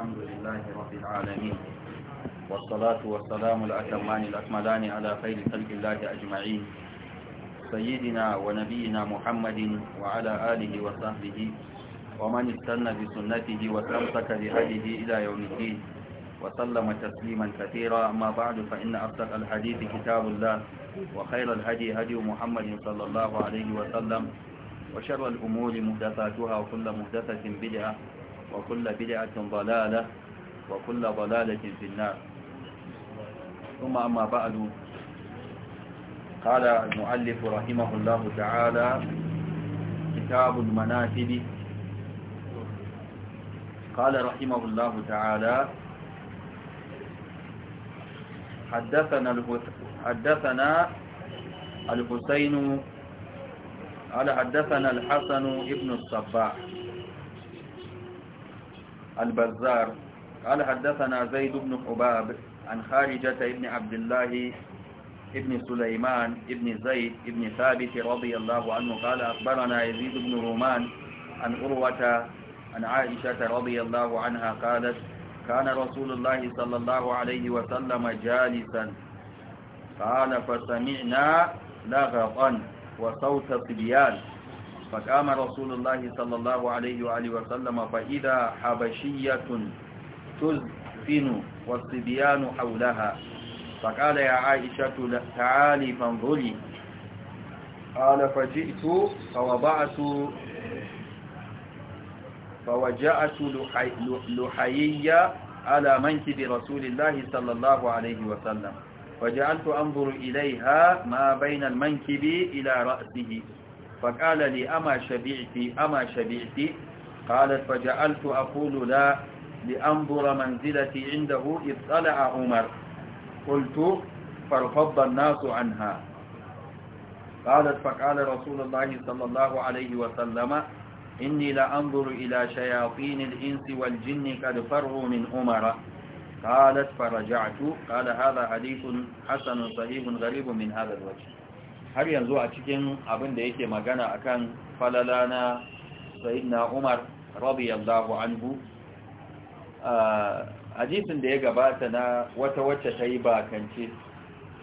الحمد لله رب العالمين والصلاة والسلام الأتمان الأكملان على خير خلق الله أجمعين سيدنا ونبينا محمد وعلى آله وصحبه ومن استنى بسنته واستمسك بهديه إلى يوم الدين وسلم تسليما كثيرا ما بعد فإن أصدق الحديث كتاب الله وخير الهدي هدي محمد صلى الله عليه وسلم وشر الأمور مهدثاتها وكل مهدثة بدعة وكل بدعة ضلالة وكل ضلالة في النار ثم أما بعد قال المؤلف رحمه الله تعالى كتاب المناكب قال رحمه الله تعالى حدثنا حدثنا الحسين قال حدثنا الحسن ابن الصباح البزار قال حدثنا زيد بن حباب عن خارجة ابن عبد الله ابن سليمان ابن زيد ابن ثابت رضي الله عنه قال أخبرنا يزيد بن رومان عن أروة عن عائشة رضي الله عنها قالت كان رسول الله صلى الله عليه وسلم جالسا قال فسمعنا لغطا وصوت صبيان فقام رسول الله صلى الله عليه وآله وسلم فإذا حبشية تزفن والصبيان حولها فقال يا عائشة تعالي فانظري قال فجئت فوضعت فوجأت لحيي على منكب رسول الله صلى الله عليه وسلم وجعلت أنظر إليها ما بين المنكب إلى رأسه فقال لي أما شبيعتي أما شبيعتي قالت فجعلت أقول لا لأنظر منزلتي عنده إذ طلع عمر قلت فارفض الناس عنها قالت فقال رسول الله صلى الله عليه وسلم إني لأنظر إلى شياطين الإنس والجن قد فروا من عمر قالت فرجعت قال هذا حديث حسن صحيح غريب من هذا الوجه har yanzu a cikin abin da yake magana akan falala na sayyidina Umar radiyallahu anhu jifin da ya gabata na wata wacce ta yi bakance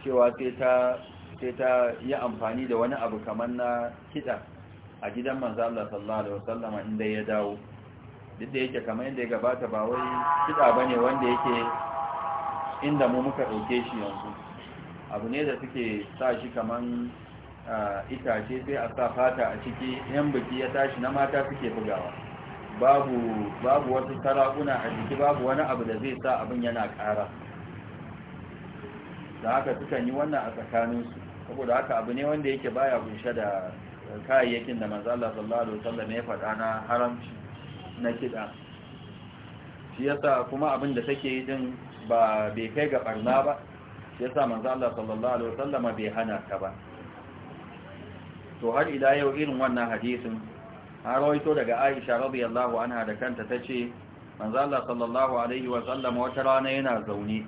cewa sai ta yi amfani da wani abu kamar na kiɗa a gidan manzo Allah sallallahu alaihi wasallam inda ya dawo duk da yake kamar inda ya gabata ba wai kiɗa bane wanda yake inda mu muka ɗauke shi yanzu abu ne da suke sa shi kaman itace sai a sa fata a ciki yan biki ya tashi na mata suke bugawa babu babu wasu sarakuna a jiki babu wani abu da zai sa abin yana kara da haka sukan yi wannan a tsakaninsu saboda haka abu ne wanda yake baya kunshe da kayayyakin da manzo Allah sallallahu ya faɗa na haramci na kiɗa. shi yasa kuma abin da take yi din ba bai kai ga barna ba yasa manzo Allah sallallahu alaihi wasallam bai hana ta ba to har ila yau irin wannan hadisin har daga Aisha radiyallahu anha da kanta tace manzo Allah sallallahu alaihi wasallam wata rana yana zaune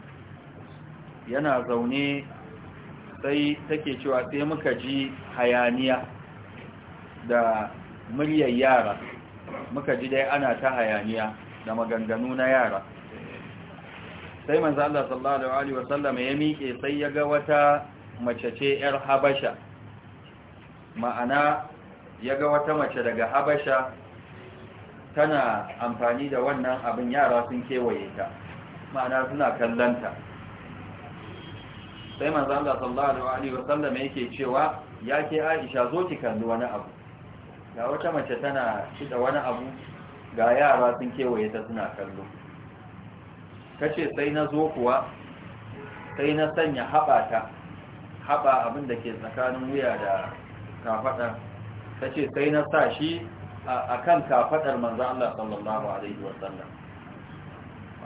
yana zaune sai take cewa sai muka ji hayaniya da muryar yara muka ji dai ana ta hayaniya da maganganu na yara sai manzo Allah sallallahu alaihi wa sallam ya miƙe sai ya ga wata mace ce yar habasha ma'ana ya ga wata mace daga habasha tana amfani da wannan abin yara sun kewaye ta ma'ana suna kallanta sai manzo Allah sallallahu alaihi wa sallam yake cewa ya ke Aisha zo ki kalli wani abu ga wata mace tana da wani abu ga yara sun kewaye ta suna kallo kace sai na zo kuwa sai na sanya haɓata haɓa abin da ke tsakanin wuya da kafaɗar kace sai na sa shi a kan kafaɗar manzan Allah sallallahu Alaihi wasallam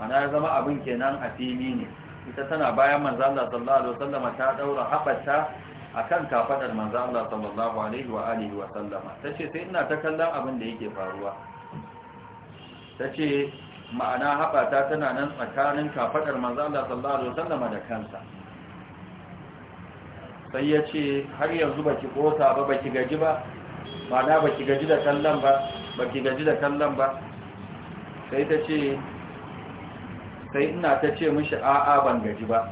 ana ya zama abin kenan a fili ne ita tana bayan manzan Allah sallallahu Alaihi wasallama ta ɗaura haɓata a kan kafaɗar manzan Allah sallallahu Alaihi wasallama ta ce sai ina ta kallon abin da yake faruwa ta ce ma'ana haɓata tana nan tsakanin kafaɗar manzala sallallahu alaihi wasallama da kansa sai ya ce har yanzu ba ki ƙosa ba ki gaji ba ma'ana ki gaji da kallon ba ki gaji da kallon ba sai ta ce sai ina ta ce mishi a'a ban gaji ba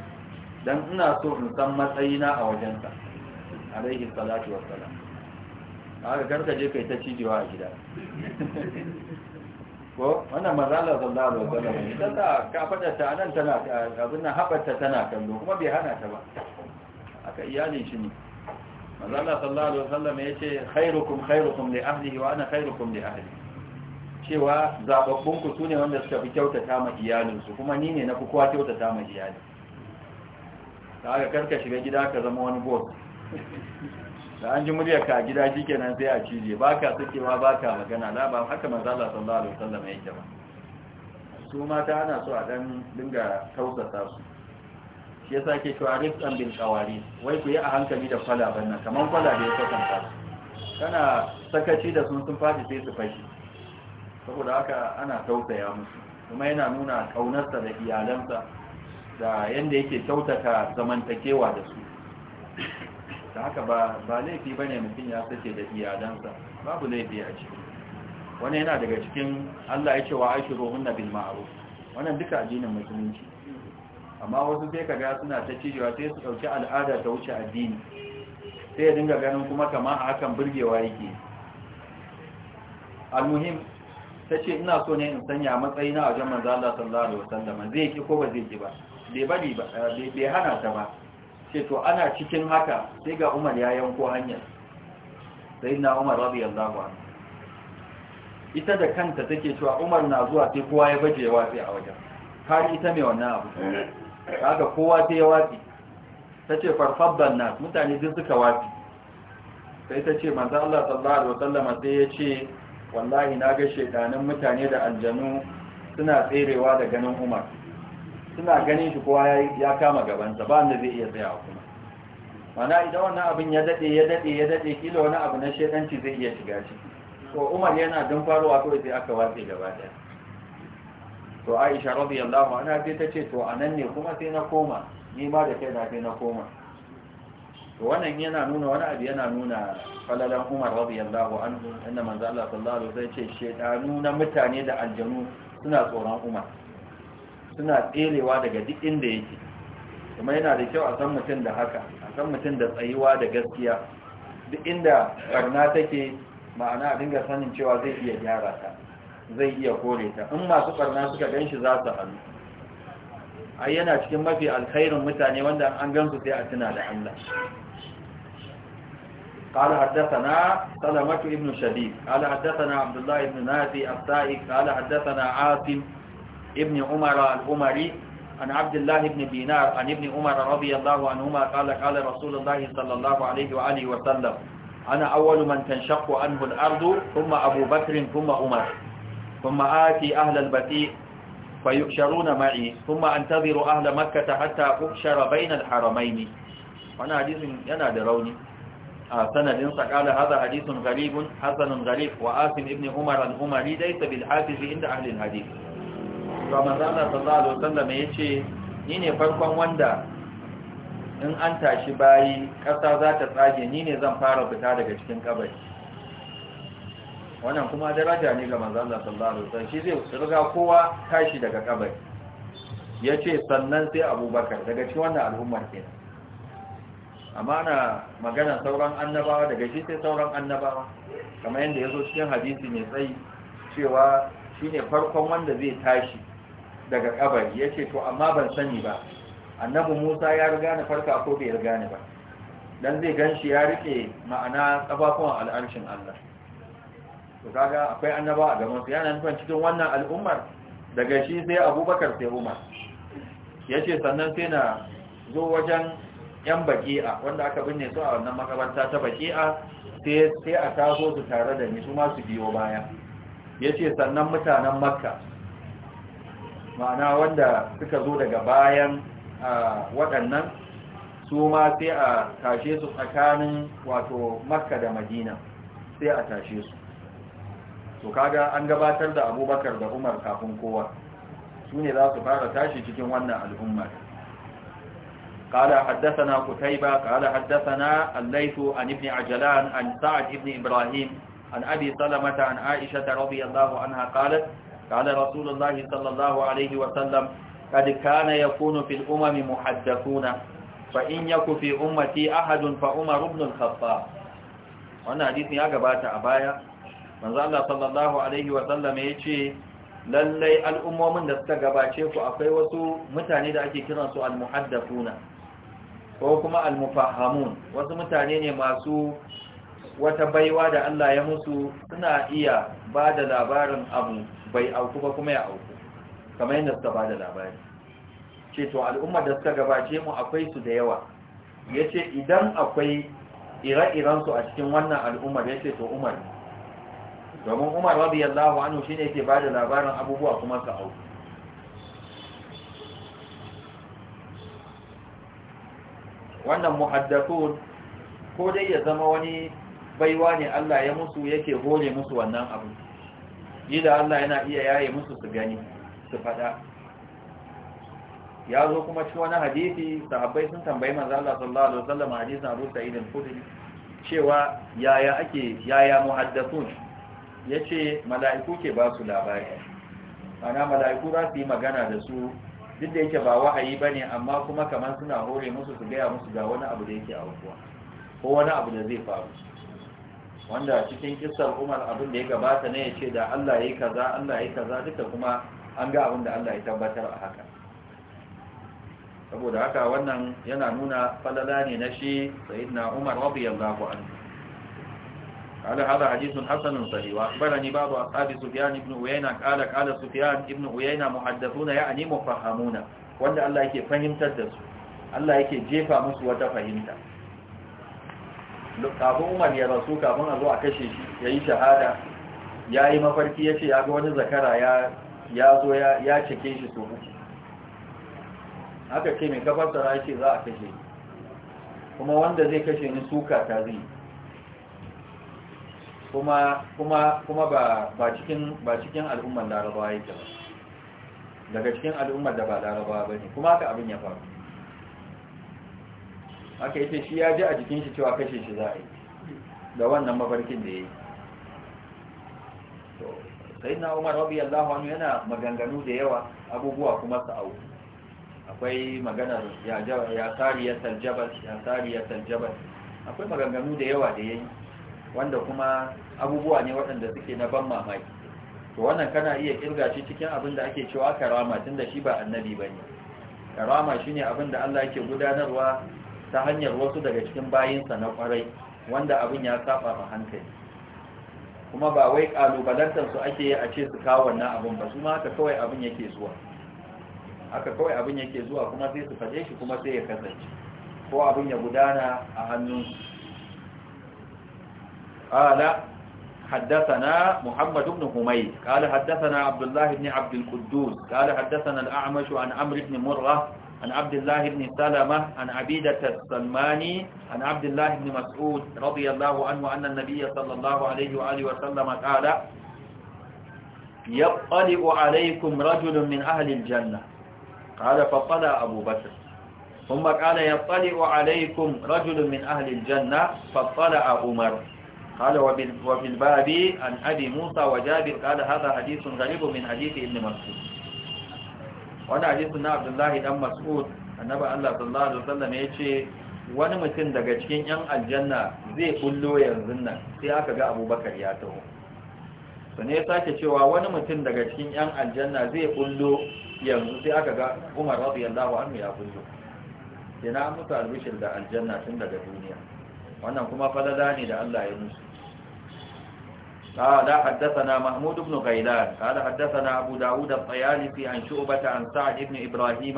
don ina so in san matsayina a wajensa alaihi salatu wassalam a ga karka je kai ta cijewa a gida ko wannan manzala sallallahu alaihi ne ita ta kafada ta nan tana abin nan habarta tana kallo kuma bai hana ta ba aka iyalin shi ne manzala sallallahu alaihi wasallam ce khairukum khairukum li ahlihi wa ana khairukum li ahli cewa zababbun ku sune wanda suka fi kyautata ma iyalin su kuma ni ne na fi kowa kyautata ma iyali kaga karka shiga gida ka zama wani boss da an ji muryarka a gida nan sai a cije ba ka baka ba ka magana la ba haka manzo sallallahu alaihi wasallam yake ba su mata ana so a ɗan dinga tausasa su shi yasa ke cewa rifqan bil kawari wai ku yi a hankali da ban nan kaman da ya kasanta kana sakaci da sun sun faɗi sai su fashi saboda haka ana tausaya musu kuma yana nuna kaunarsa da iyalansa da yanda yake kyautata zamantakewa da su da haka ba laifi ba ne mutum ya sace da iyalansa babu laifi a ciki wani yana daga cikin allah ya ce wa aishi rohun na bilmaru wannan duka addinin musulunci amma wasu sai ka ga suna ta cijewa sai su ɗauki al'ada ta wuce addini sai ya dinga ganin kuma kama a hakan burgewa yake almuhim ta ce ina so ne in sanya matsayi na wajen manzo Allah sallallahu alaihi wasallam zai ki ko ba zai ki ba bai bari ba bai hana ta ba ce to ana cikin haka sai ga umar ya yanko hanyar sai na umar radiyallahu anhu ita da kanta take cewa umar na zuwa sai kowa ya baje ya watsi a wajen har ita mai wannan abu kaga kowa sai ya watsi tace farfabban nas mutane duk suka watsi sai tace manzo Allah sallallahu alaihi wasallam sai ya ce wallahi na ga shedanin mutane da aljanu suna tserewa da ganin umar suna ganin shi kowa ya kama gabansa ba wanda zai iya tsayawa kuma mana idan wannan abin ya dade ya dade ya dade kila wani abu na shedanci zai iya shiga shi. to umar yana don faruwa kawai sai aka watse gaba daya to aisha radiyallahu anha sai ta ce to anan ne kuma sai na koma ni ma da kai na sai na koma to wannan yana nuna wani abu yana nuna falalan umar radiyallahu anhu inda manzo Allah sallallahu alaihi wasallam ce shedanu na mutane da aljanu suna tsoron umar suna tserewa daga duk inda yake kuma yana da kyau a san mutum da haka a san mutum da tsayuwa da gaskiya duk inda barna take ma'ana a dinga sanin cewa zai iya gyara ta zai iya kore ta in masu barna suka gan shi za su hannu ai yana cikin mafi alkhairin mutane wanda an gan su sai a tuna da Allah قال حدثنا سلامة ابن شديد قال حدثنا عبد الله ابن نافي السائق قال حدثنا عاصم ابن عمر الأمري عن عبد الله بن دينار عن ابن عمر رضي الله عنهما قال قال رسول الله صلى الله عليه وآله وسلم أنا أول من تنشق عنه الأرض ثم أبو بكر ثم عمر ثم آتي أهل البتيء فيؤشرون معي ثم أنتظر أهل مكة حتى أؤشر بين الحرمين وانا حديث ينادى روني آه، سند قال هذا حديث غريب حسن غريب وآسم ابن عمر الأمري ليس بالحافظ عند أهل الحديث to a sallallahu alaihi ya ce ni ne farkon wanda in an tashi bayi ƙasa za ta tsage ni ne zan fara fita daga cikin kabari wannan kuma daraja ne ga manzana sallallahu alaihi wasallam shi zai surga kowa tashi daga kabari ce sannan sai abubakar daga cikin wannan al'ummar kenan amma ana magana sauran annabawa daga shi sai sauran annabawa kamar yadda ya zo cikin hadisi mai tsayi cewa shi ne farkon wanda zai tashi daga kabari yace to amma ban sani ba annabi musa ya riga ni farka ko bai riga ni ba dan zai gan ya rike ma'ana kafafun al'arshin allah to kaga akwai annaba a gaban su yana nufin cikin wannan al'ummar daga shi sai abubakar sai umar ya sannan sai na zo wajen yan baki'a wanda aka binne su a wannan makaranta ta baki'a sai a taso su tare da ni su ma su biyo baya Yace sannan mutanen makka ma'ana wanda suka zo daga bayan waɗannan su ma sai a tashe su tsakanin wato makka da madina sai a tashe su to kaga an gabatar da abubakar da umar kafin kowa su ne za su fara tashi cikin wannan al'ummar قال حدثنا قتيبة قال حدثنا الليث عن ابن عجلان عن سعد ابن إبراهيم عن أبي صلمة عن عائشة رضي الله عنها قالت قال رسول الله صلى الله عليه وسلم قد كان يكون في الأمم محدثون فإن يك في أمتي أحد فأمر ابن الخطاب wannan hadisi ya gabata a baya manzo Allah sallallahu alaihi wa sallam yace lallai al'ummomin da suka gabace ku akwai wasu mutane da ake kiran su al ko kuma al'mufahamun, wasu mutane ne masu wata baiwa da Allah ya musu suna iya ba da labarin abu bai auku ba kuma ya auku kamar yadda suka ba da labari ce to al'ummar da suka gabace mu akwai su da yawa ya ce idan akwai ire su a cikin wannan al'ummar ya ce to umar domin umar radiyallahu anhu ne yake ba da labarin abubuwa kuma su auku wannan muhaddathun ko dai ya zama wani baiwa ne Allah ya musu yake hore musu wannan abu Ni da Allah yana iya yaye musu su gani su fada ya zo kuma ci wani hadisi sahabbai sun tambayi manzo Allah sallallahu alaihi wasallam hadisin Abu Sa'id al-Khudri cewa yaya ake yaya muhaddathun yace mala'iku ke ba su labari ana mala'iku za su yi magana da su duk da yake ba wa'ayi bane amma kuma kamar suna hore musu su gaya musu ga wani abu da yake aukuwa ko wani abu da zai faru wanda cikin kisar umar abin da ya gabata ne ya ce da allah ya yi kaza allah ya yi kaza duka kuma an ga abin da allah ya tabbatar a haka saboda haka wannan yana nuna falala ne na shi sayyidina umar radiyallahu anhu قال هذا حديث حسن صحيح واخبرني babu اصحاب sufyan ibn uyayna kala na sufyan ibn uyayna muhaddathuna يعني mufahhamuna wanda Allah yake fahimtar da su Allah yake jefa musu wata fahimta kafin umar ya rasu kafin a zo a kashe shi ya yi shahada ya yi mafarki ya ce ya ga wani zakara ya zo ya cike shi su mu haka ce mai kafasara ya ce za a kashe kuma wanda zai kashe ni suka ta zai kuma ba cikin al'ummar larabawa yake ba daga cikin al'ummar da ba larabawa ba ne kuma haka abin ya faru aka yi shi ya ji a jikin shi cewa kashe shi za a yi da wannan mafarkin da ya yi sai na umar rabi yallahu anu yana maganganu da yawa abubuwa kuma su au akwai maganar ya tsariya taljabal ya tsariya akwai maganganu da yawa da ya yi wanda kuma abubuwa ne waɗanda suke na ban mamaki to wannan kana iya kirga shi cikin abin da ake cewa karama tun da shi ba annabi ba ne karama shi ne abin da allah yake gudanarwa ta hanyar wasu daga cikin bayinsa na kwarai wanda abin ya saba a hankali kuma ba wai kalubalantar su ake a ce su kawo wannan abin ba su ma haka kawai abin yake zuwa haka kawai abin yake zuwa kuma sai su faɗe shi kuma sai ya kasance ko abin ya gudana a hannun ala حدثنا محمد بن حميد قال حدثنا عبد الله بن عبد القدوس قال حدثنا الأعمش عن عمرو بن مرة عن عبد الله بن سلمة عن عبيدة السلماني عن عبد الله بن مسعود رضي الله عنه أن النبي صلى الله عليه وآله وسلم قال يطلع عليكم رجل من أهل الجنة قال فطلع أبو بكر ثم قال يطلع عليكم رجل من أهل الجنة فطلع عمر قال وفي الباب عن أبي موسى وجابر قال هذا حديث غريب من حديث ابن مسعود wani hadisi na abdullahi dan mas'ud annabi Allah sallallahu alaihi wasallam ya ce wani mutum daga cikin yan aljanna zai bullo yanzu nan sai aka ga abubakar ya taho to ya sake cewa wani mutum daga cikin yan aljanna zai bullo yanzu sai aka ga umar radiyallahu anhu ya bullo yana musu albishir da aljanna tun daga duniya wannan kuma falala ne da Allah ya musu قال حدثنا محمود بن غيلان قال حدثنا أبو داود الطيالسي عن شعبة عن سعد بن إبراهيم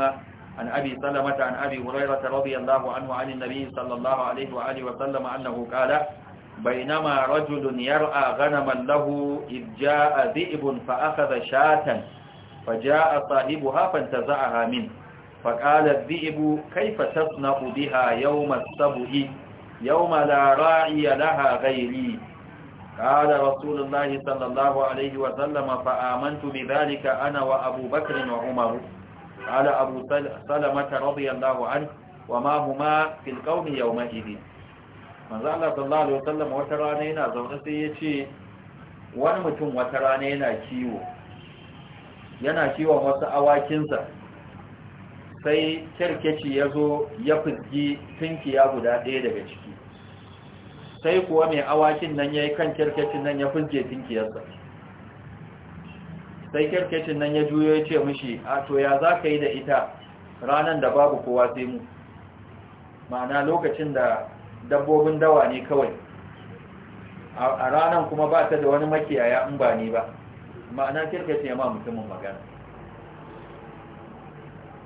عن أبي سلمة عن أبي هريرة رضي الله عنه عن النبي صلى الله عليه وآله وسلم أنه قال بينما رجل يرعى غنما له إذ جاء ذئب فأخذ شاة فجاء صاحبها فانتزعها منه فقال الذئب كيف تصنع بها يوم السبع يوم لا راعي لها غيري قال رسول الله صلى الله عليه وسلم فآمنت بذلك أنا وأبو بكر وعمر قال أبو سلمة رضي الله عنه وما هما في القوم يومئذ من Allah sallallahu alaihi wasallam wata rana yana zaune sai ya ce wani mutum wata rana yana sai kirkeci ya zo ya fizgi tunkiya guda ɗaya daga ciki sai kuwa mai awakin nan ya yi kan kirkacin nan ya fulge tinkiyarsa sai kirkacin nan ya juyo ya ce mishi a to ya za ka yi da ita ranar da babu kowa sai mu ma'ana lokacin da dabbobin dawa ne kawai a ranar kuma ba ta da wani makiyaya in ba ni ba ma'ana kirkacin ya ma mutumin magana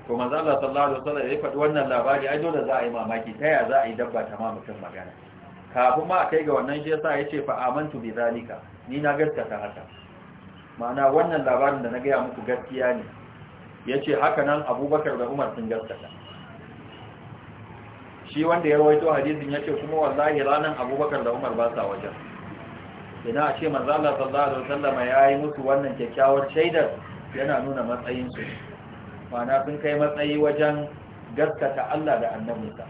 manzo Allah sallallahu alaihi wasallam ya faɗi wannan labari ai dole za a yi mamaki ta ya za a yi dabba ta ma mutum magana kafin ma a kai ga wannan shi yasa yace fa amantu bi zalika ni na gaskata haka ma'ana wannan labarin da na gaya muku gaskiya ne yace haka nan Abubakar da Umar sun gaskata shi wanda ya rawaito hadisin yace kuma wallahi ranan Abubakar da Umar ba sa wajen ina a ce manzo Allah sallallahu alaihi wasallam yayi musu wannan kyakkyawar shaidar yana nuna matsayin su ma'ana sun kai matsayi wajen gaskata Allah da annabinsa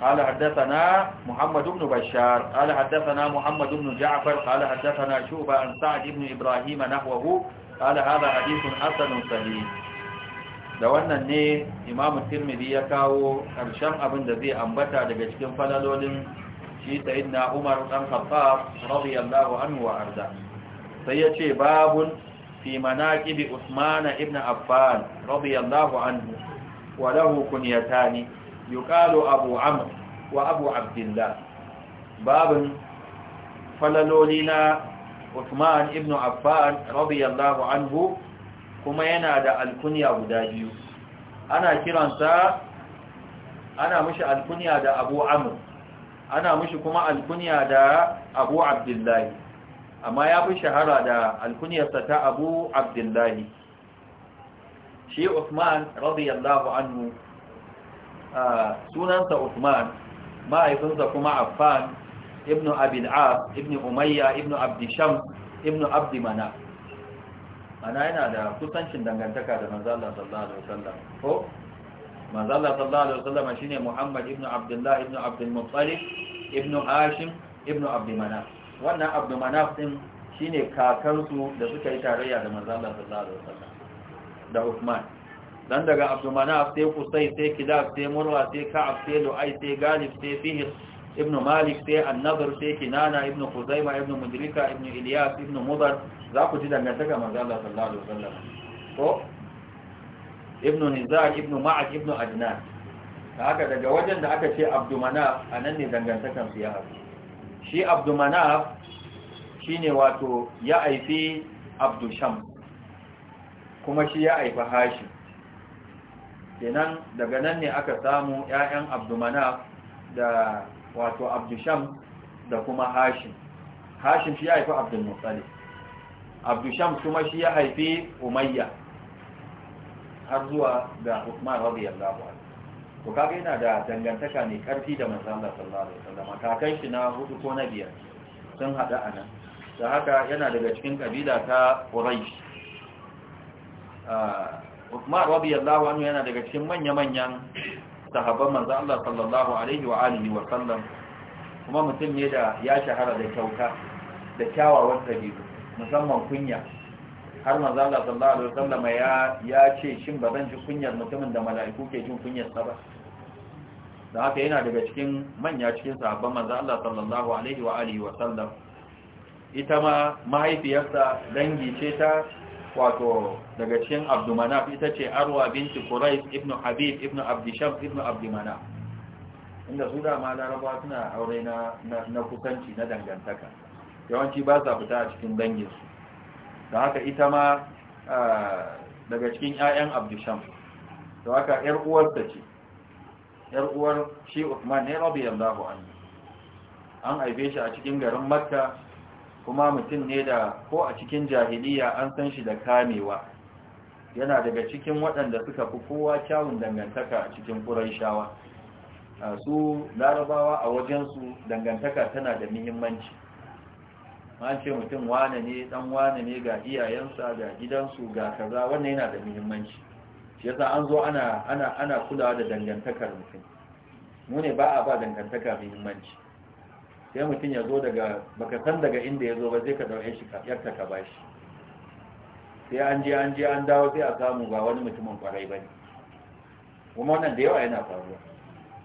قال حدثنا محمد بن بشار قال حدثنا محمد بن جعفر قال حدثنا شوبة عن سعد بن إبراهيم نحوه قال هذا حديث حسن صحيح da wannan ne imam tirmidhi ya kawo ƙarshen abin da zai ambata daga cikin falalolin shi sayyidina Umar dan Khattab radiyallahu anhu wa arda sai ya ce babun fi manaqibi Usmana ibn Affan radiyallahu anhu wa lahu kunyatani yuqalu abu amr wa abu abdullah babin falaloli na Usman ibn Affan radiyallahu anhu kuma yana da alkunya guda biyu ana kiransa ana mishi alkunya da Abu Amr ana mishi kuma alkunya da Abu Abdullahi amma ya fi shahara da alkunyarsa ta Abu Abdullahi shi Uthman radiyallahu anhu sunansa Uthman mahaifinsa kuma Affan ibn Abil As ibn Umayya ibn Abd Shams ibn Abd Manaf ana yana da kusancin dangantaka da manzo Allah sallallahu alaihi wasallam ko manzo Allah sallallahu alaihi wasallam shine Muhammad ibn Abdullah ibn Abdul Muttalib ibn Hashim ibn Abd Manaf wannan Abd Manaf din shine kakansu da suka yi tarayya da manzo Allah sallallahu alaihi wasallam da Uthman dan daga abdumanaf sai kusai sai kilab sai murwa sai ka'ab sai lu'ai sai galib sai fihir ibn malik sai an-nadr sai kinana ibn kuzaima ibn mudrika ibn ilyas ibn mudar za ku ji dangantaka manzo Allah sallallahu alaihi wasallam ko ibn nizar ibn ma'ak ibn adnan haka daga wajen da aka ce abdumanaf anan ne dangantakan su ya haɗu shi abdumanaf shine wato ya aifi abdusham kuma shi ya aifi hashim kenan daga nan ne aka samu ‘ya'yan abdumanaf da wato abdusham da kuma hashim hashim shi ya haifi abdulmutsali abdusham kuma shi ya haifi umayya har zuwa da usman radiyallahu anhu to kaga yana da dangantaka ne karfi da manzon sallallahu alaihi wasallam shi na hudu ko na biyar sun hada nan da haka yana daga cikin kabila ta Quraysh ah, Uthman radiyallahu anhu yana daga cikin manya-manyan sahabban manzo Allah sallallahu alaihi wa alihi wa sallam kuma mutum ne da ya shahara da kyauta da kyawawan dabi'u musamman kunya har manzo Allah sallallahu alaihi wa sallam ya ya ce shin ba zan ji kunyar mutumin da mala'iku ke jin kunyar sa ba da haka yana daga cikin manya cikin sahabban manzo Allah sallallahu alaihi wa alihi wa sallam ita ma mahaifiyarsa dangi ce ta wato daga cikin abdumanaf ita ce arwa binti kurais ibn habib ibn abdisham ibn abdumanaf inda su dama laraba suna aure na kusanci na dangantaka yawanci ba sa fita a cikin danginsu da haka ita ma daga cikin 'ya'yan abdisham da haka 'yar ta ce 'yar uwar shi usman ne rabi yallahu an an haife shi a cikin garin makka kuma mutum ne da ko a cikin jahiliya an san shi da kamewa yana daga cikin waɗanda suka fi kowa kyawun dangantaka a cikin ƙuraishawa su larabawa a wajensu dangantaka tana da muhimmanci Ma ce mutum wane ne ɗan wane ne ga iyayensa ga gidansu ga kaza wannan yana da muhimmanci shi yasa an zo ana kulawa da dangantakar mutum mu ba a ba dangantaka muhimmanci sai mutum ya zo daga baka san daga inda ya zo ba zai ka daure shi yarta ka ba sai an je an je an dawo sai a samu ba wani mutumin kwarai ba ne kuma wannan da yawa yana faruwa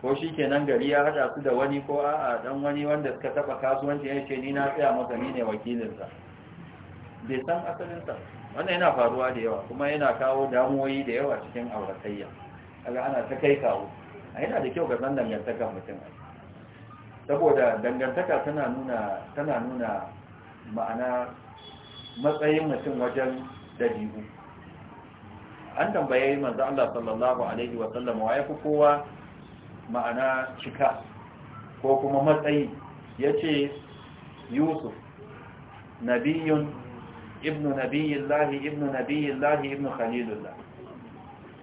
ko shi ke nan gari ya haɗa su da wani ko a dan wani wanda suka taɓa kasuwanci ya ce ni na tsaya masa ni ne wakilinsa bai san asalinsa wannan yana faruwa da yawa kuma yana kawo damuwoyi da yawa cikin auratayya kaga ana ta kai kawo a yana da kyau ga san dangantakar mutum saboda dangantaka tana nuna tana nuna ma'ana matsayin mutum wajen dabi'u an tambaye manzo Allah sallallahu alaihi wa sallam wa yafi kowa ma'ana cika ko kuma matsayi yace Yusuf nabiyun ibnu nabiyillahi ibnu nabiyillahi ibnu khalilullah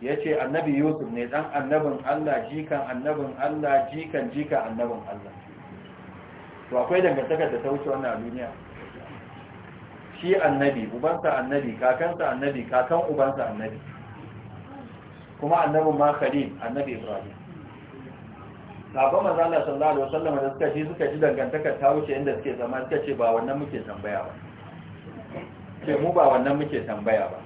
ya annabi yusuf ne dan annabin allah jikan annabin allah jikan jikan annabin allah to akwai dangantakar da ta wuce wannan duniya shi annabi ubansa annabi kakansa annabi kakan ubansa annabi kuma annabin ma khalil annabi ibrahim sabon mazala sallallahu alaihi wasallam da suka ji suka ji dangantakar ta wuce inda suke zama suka ce ba wannan muke tambaya ba ce mu ba wannan muke tambaya ba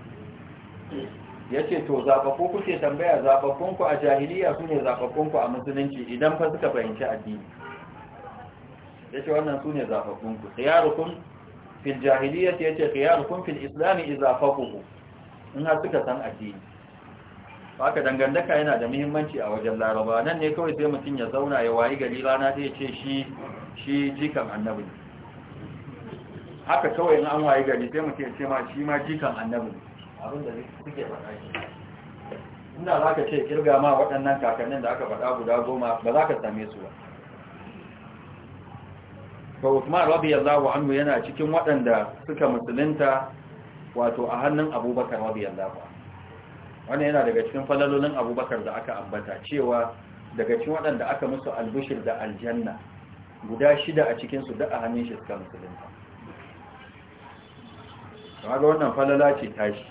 yace to zababbu kuke tambaya kunku a jahiliya su ne kunku a musulunci idan fa suka fahimci addini yace wannan sune zafafun ku khiyarukum fil jahiliyyati yace khiyarukum fil islam idza faqahu in har suka san addini haka dangantaka yana da muhimmanci a wajen laraba nan ne kawai sai mutum ya zauna ya wayi gari rana sai ya ce shi shi jikan annabi haka kawai in an wayi gari sai mutum ya ce ma shi ma jikan annabi abin da suke faɗa shi inda za ka ce kirga ma waɗannan kakannin da aka faɗa guda goma ba za ka same su ba Rabi Uthman radiyallahu anhu yana cikin waɗanda suka musulunta wato a hannun Abubakar radiyallahu wannan yana daga cikin falalolin Abubakar da aka ambata cewa daga cikin waɗanda aka musu albushir da aljanna guda shida a cikin su da a hannun shi suka musulunta kaga wannan falala ce tashi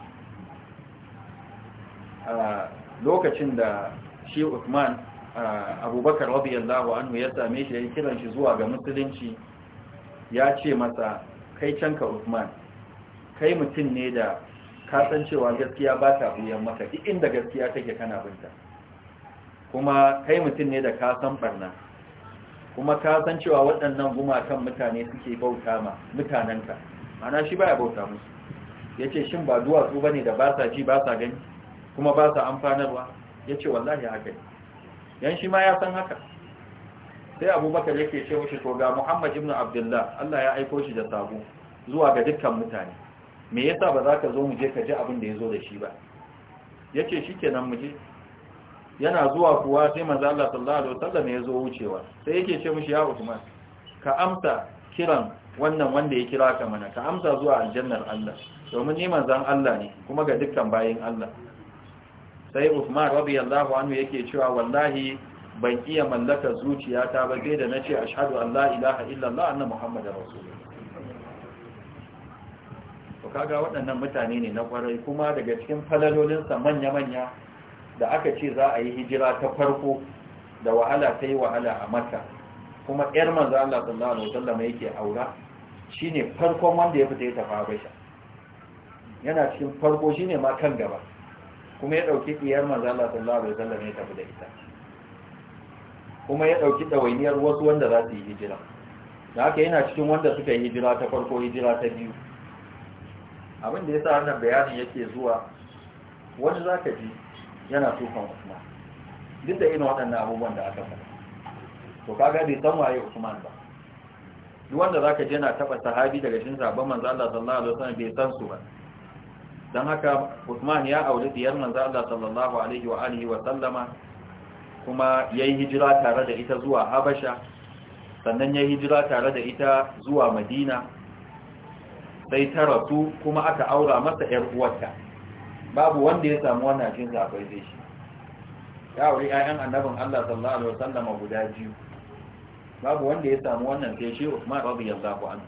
a lokacin da shi Uthman abubakar radiyallahu anhu ya same shi ya kiran shi zuwa ga musulunci ya ce masa kai canka Usman kai mutum ne da kasancewa gaskiya ba ta buyan maka duk inda gaskiya take kana binta kuma kai mutum ne da kasan barna kuma kasancewa waɗannan gumakan mutane suke bauta ma mutanenka ana shi baya bauta musu ya ce shin ba duwatsu ba ne da ba sa ji ba sa gani kuma ba sa amfanarwa ya ce wallahi haka yan shi ma ya san haka sai abubakar yake ce mashi to ga muhammad ibn abdullah allah ya aiko shi da sabo zuwa ga dukkan mutane me yasa ba za ka zo mu je ka ji abin da ya zo da shi ba ya ce shi kenan mu je yana zuwa kuwa sai manzo Allah sallallahu alaihi wasallam ya zo wucewa sai yake ce mishi ya Uthman ka amsa kiran wannan wanda ya kira ka mana ka amsa zuwa aljannar Allah domin ni manzon Allah ne kuma ga dukkan bayin Allah sai Uthman radiyallahu anhu yake cewa wallahi ban iya mallaka zuciyata ba sai da nace ashhadu an la ilaha illallah anna muhammadar rasulullah to kaga waɗannan mutane ne na kwarai kuma daga cikin falalolinsa manya-manya da aka ce za a yi hijira ta farko da wahala ta yi wahala a Makka kuma ƴar manzo Allah sallallahu alaihi wasallam yake aura shine farkon wanda ya fita ya tafi Habasha yana cikin farko shine ma kan gaba kuma ya dauki ƴar manzo Allah sallallahu alaihi wasallam ya tafi da ita kuma ya ɗauki ɗawainiyar wasu wanda za su yi hijira da haka yana cikin wanda suka yi hijira ta farko hijira ta biyu abin da ya sa wannan bayanin yake zuwa wani za ka ji yana tufan usman duk da yin waɗannan abubuwan da aka faɗa to kaga bai san waye usman ba duk wanda za ka ji yana taɓa sahabi daga cikin sabon manzo Allah sallallahu alaihi wasallam bai san su ba dan haka usman ya auri diyar manzo Allah sallallahu alaihi wa alihi wa sallama kuma ya yi hijira tare da ita zuwa habasha sannan ya yi hijira tare da ita zuwa madina sai ta rasu kuma aka aura masa ‘yar uwarta babu wanda ya samu wannan cin zafai zai shi ya wuri ‘ya'yan annabin Allah sallallahu Alaihi wasallama guda biyu babu wanda ya samu wannan sai shi Usman ku anhu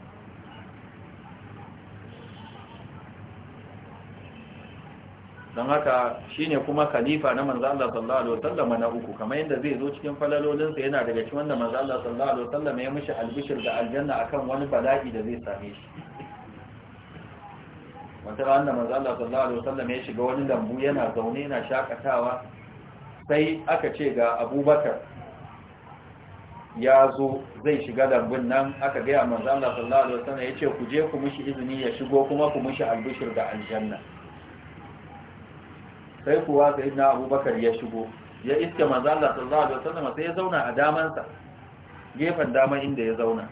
don haka shine kuma khalifa na manzo Allah sallallahu alaihi wasallam na uku kamar yadda zai zo cikin sa yana daga cikin wanda manzo Allah sallallahu alaihi wasallam ya mishi albishir da aljanna akan wani bala'i da zai same shi wata ran da manzo Allah sallallahu alaihi wasallam ya shiga wani lambu yana zaune yana shakatawa sai aka ce ga Abubakar ya zo zai shiga lambun nan aka ga manzo Allah sallallahu alaihi wasallam ya ce ku je ku mishi izini ya shigo kuma ku mishi albishir da aljanna sai kuwa sai na abubakar ya shigo ya iske manzala sallallahu alaihi wasallam sai ya zauna a damansa gefen dama inda ya zauna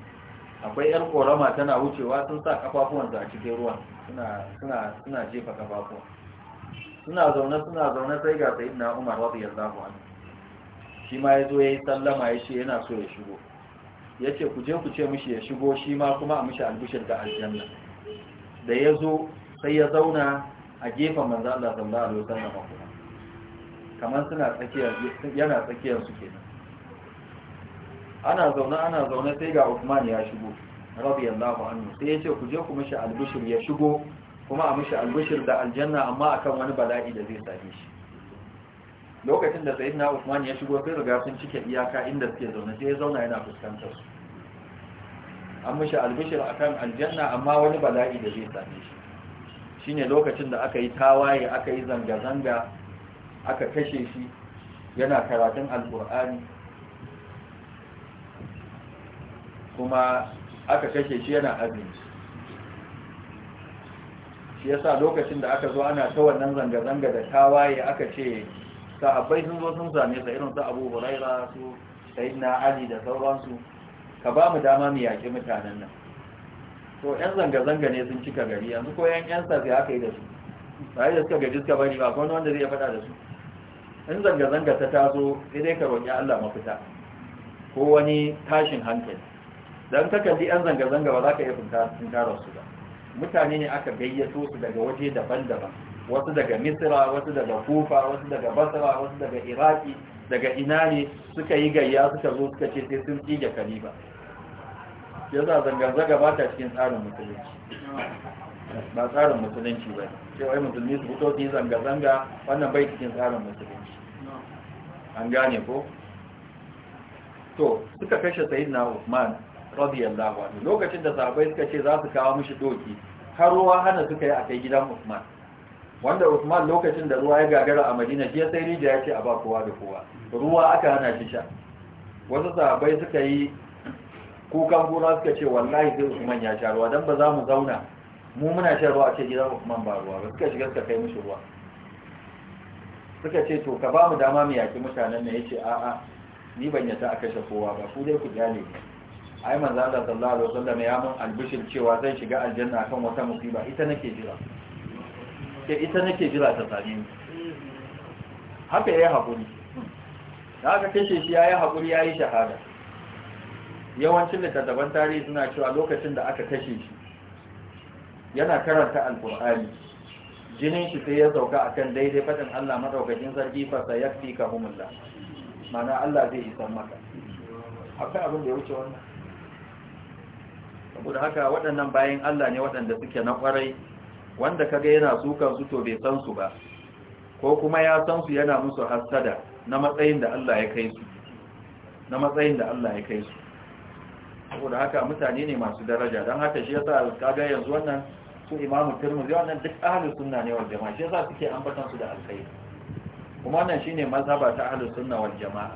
akwai yar korama tana wucewa sun sa kafafuwansa a cikin ruwan suna suna suna jefa kafafuwa suna zaune suna zauna sai ga sayyidina Umar radiyallahu anhu shi ma yazo yayi sallama yace yana so ya shigo yace ku je ku ce mishi ya shigo shi ma kuma a mishi albishir da aljanna da yazo sai ya zauna a gefen manzan Allah sallallahu alaihi wasallam kuma kamar suna tsakiyar yana tsakiyar su kenan ana zaune ana zauna sai ga Uthman ya shigo radiyallahu anhu sai ya ce ku je ku mishi albishir ya shigo kuma a mishi albishir da aljanna amma akan wani bala'i da zai same shi lokacin da sayyidina Uthman ya shigo sai riga sun cike iyaka inda suke zaune sai ya zauna yana fuskantar su an mishi albishir akan aljanna amma wani bala'i da zai same shi ne lokacin da aka yi tawaye aka yi zanga-zanga aka kashe shi yana karatun alkur'ani kuma aka kashe shi yana azumi shi ya sa lokacin da aka zo ana ta wannan zanga-zanga da tawaye aka ce ta abai sun zo sun same sa irin su abu huraira su sayyidina ali da sauransu ka ba mu dama mu yaƙi mutanen nan to yan zanga-zanga ne sun cika gari yanzu ko yan yan sai aka yi da su ba yi da suka gaji suka bari ba ko wanda zai faɗa da su in zanga-zanga ta taso sai dai ka roƙi Allah mafita ko wani tashin hankali dan ka kalli yan zanga-zanga ba za ka iya tunkarar su ba mutane ne aka gayyato su daga waje daban-daban wasu daga misira wasu daga kufa wasu daga basra wasu daga iraki daga ina ne suka yi gayya suka zo suka ce sai sun da kaliba ya za zanga-zanga ba ta cikin tsarin musulunci ba tsarin musulunci ba cewa yi musulmi su fito su yi zanga-zanga wannan bai cikin tsarin musulunci an gane ko to suka kashe sayi na usman radiyallahu anhu lokacin da sabai suka ce za su kawo mishi doki har ruwa hana suka yi a kai gidan usman wanda usman lokacin da ruwa ya gagara a madina shi ya sai rijiya ya ce a ba kowa da kowa ruwa aka hana shi sha wasu sabai suka yi kukan gona suka ce wallahi zai usman ya sha ruwa don ba za mu zauna mu muna shan ruwa a ce gidan usman ba ruwa ba suka shiga suka kai mishi ruwa suka ce to ka ba mu dama mu yaki mutanen na ya ce a'a ni ban yata a kashe kowa ba ku dai ku ne ai manzo Allah sallallahu alaihi wasallam ya mun albishir cewa zan shiga aljanna akan wata musiba ita nake jira ke ita nake jira ta Sani ni haka yayi hakuri da aka kashe shi yayi hakuri yayi shahada yawancin littattafan tarihi suna cewa lokacin da aka kashe shi yana karanta alkur'ani jinin shi sai ya sauka akan daidai fadin Allah madaukakin sarki fa ka humullah mana Allah zai isa maka akwai abin da ya wuce wannan saboda haka waɗannan bayan Allah ne waɗanda suke na kwarai wanda ka ga yana sukan su to bai san su ba ko kuma ya san su yana musu hassada, na matsayin da Allah ya kai na matsayin da Allah ya kai su saboda haka mutane ne masu daraja don haka shi ya sa kaga yanzu wannan su imamu tirmidhi wannan duk ahlus sunna ne wal jama'a shi ya sa suke ambatan su da alkai kuma wannan shine mazhaba ta ahlus sunna wal jama'a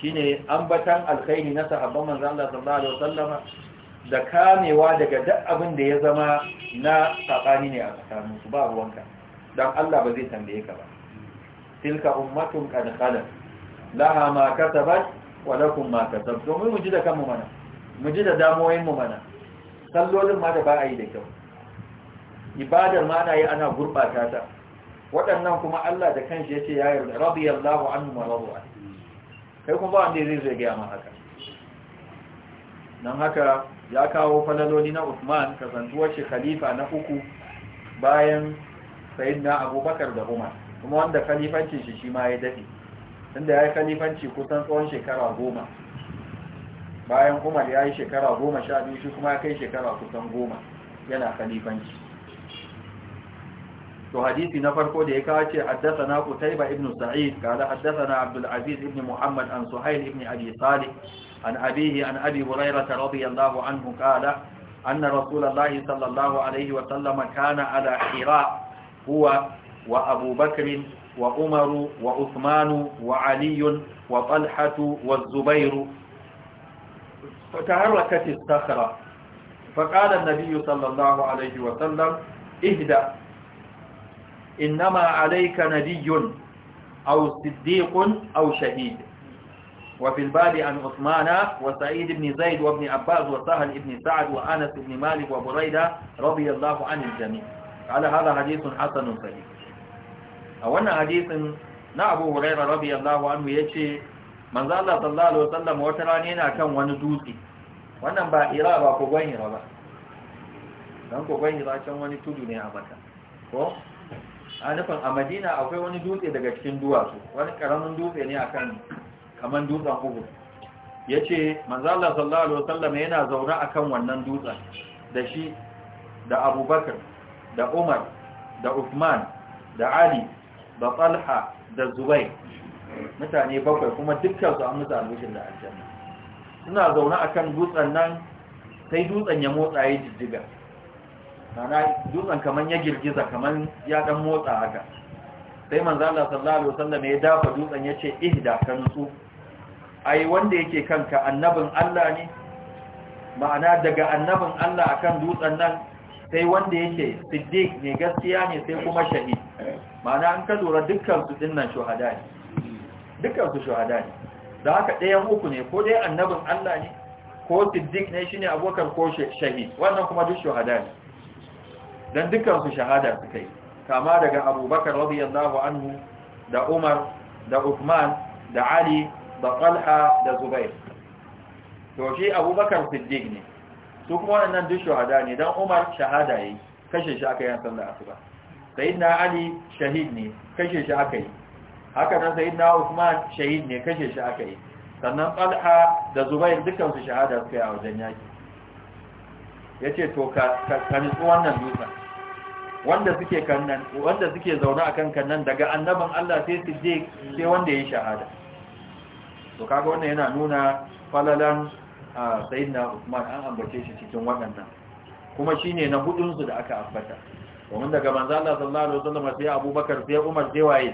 shine ambatan alkhairi na sahabban manzan Allah sallallahu alaihi wasallama da kamewa daga duk abin da ya zama na sabani ne a tsakanin su ba ruwanka dan Allah ba zai tambaye ka ba tilka ummatun qad khalat laha ma kasabat wa lakum ma kasabtum mu ji da kanmu mana mu ji da damoyin mu mana sallolin ma da ba a yi da kyau ibadar ma ana yi ana gurɓata ta waɗannan kuma Allah da kanshi yace ya yarda radiyallahu anhu wa radu an kai kuma ba wanda zai zage ma haka nan haka ya kawo falaloli na Uthman kasantuwar shi khalifa na uku bayan sayyidina Abubakar da Umar kuma wanda khalifancin shi shi ma ya dade tunda ya yi khalifanci kusan tsawon shekara goma bayan umar ya yi shekara goma sha biyu shi kuma ya kai shekara kusan goma yana kalifanci. to hadisi na farko da ya kawo ce haddasana kutaiba ibn Sa'id kada haddasa na abdulaziz ibn Muhammad an Suhail ibn Abi Salih an abihi an Abi Hurairah radiyallahu anhu kala anna Rasulullah sallallahu alaihi wa sallam kana ala Hira huwa wa abubakrin wa umaru wa usmanu wa aliyun wa Talha wa فتحركت الصخرة فقال النبي صلى الله عليه وسلم اهدى إنما عليك نبي أو صديق أو شهيد وفي الباب عن عثمان وسعيد بن زيد وابن عباس وسهل بن سعد وأنس بن مالك وبريدة رضي الله عن الجميع على هذا حديث حسن صحيح أولا حديث na abu huraira radiyallahu anhu yace manzo Allah sallallahu alaihi wasallam wata rana yana kan wani dutse wannan ba ira ba ko gwanira ba dan ko gwanira can wani tudu ne a baka ko a nufin a Madina akwai wani dutse daga cikin duwatsu wani karamin dutse ne akan kaman dutsen Uhud yace manzo Allah sallallahu alaihi wasallam yana zaune akan wannan dutsen da shi da Abubakar da Umar da Uthman da Ali da Talha da Zubair mutane bakwai kuma dukkan su an musu albishin da aljanna suna zaune akan dutsen nan sai dutsen ya motsa ya jijjiga mana dutsen kaman ya girgiza kaman ya dan motsa haka sai manzo Allah sallallahu alaihi wasallam ya dafa dutsen ya ce ihda kan su ai wanda yake kanka annabin Allah ne ma'ana daga annabin Allah akan dutsen nan sai wanda yake siddiq ne gaskiya ne sai kuma shahid ma'ana an ka lura dukkan su dinnan shuhada ne dukkan shuhada ne da haka ɗayan uku ne ko dai annabin Allah ne ko siddiq ne shi ne abokan ko shahid wannan kuma duk shuhada ne Don dukansu shahada su kai kama daga Abubakar radiyallahu anhu da Umar da Uthman da Ali da Talha da Zubair to shi Abubakar siddiq ne su kuma wannan duk shuhada ne don Umar shahada yayi kashe shi aka yi sallar asuba sayyidina Ali shahid ne kashe shi aka yi haka nan na Usman shahid ne kashe shi aka yi sannan Talha da Zubair dukkan su shahada suka yi a wajen yaki yace to ka ka nitsu wannan dutsen wanda suke kannan wanda suke zauna akan kannan daga annaban Allah sai su je sai wanda yayi shahada to kaga wannan yana nuna falalan sayyidina Usman an ambace shi cikin waɗannan kuma shine na hudun su da aka ambata domin daga manzo Allah sallallahu alaihi wasallam sai Abubakar sai Umar sai waye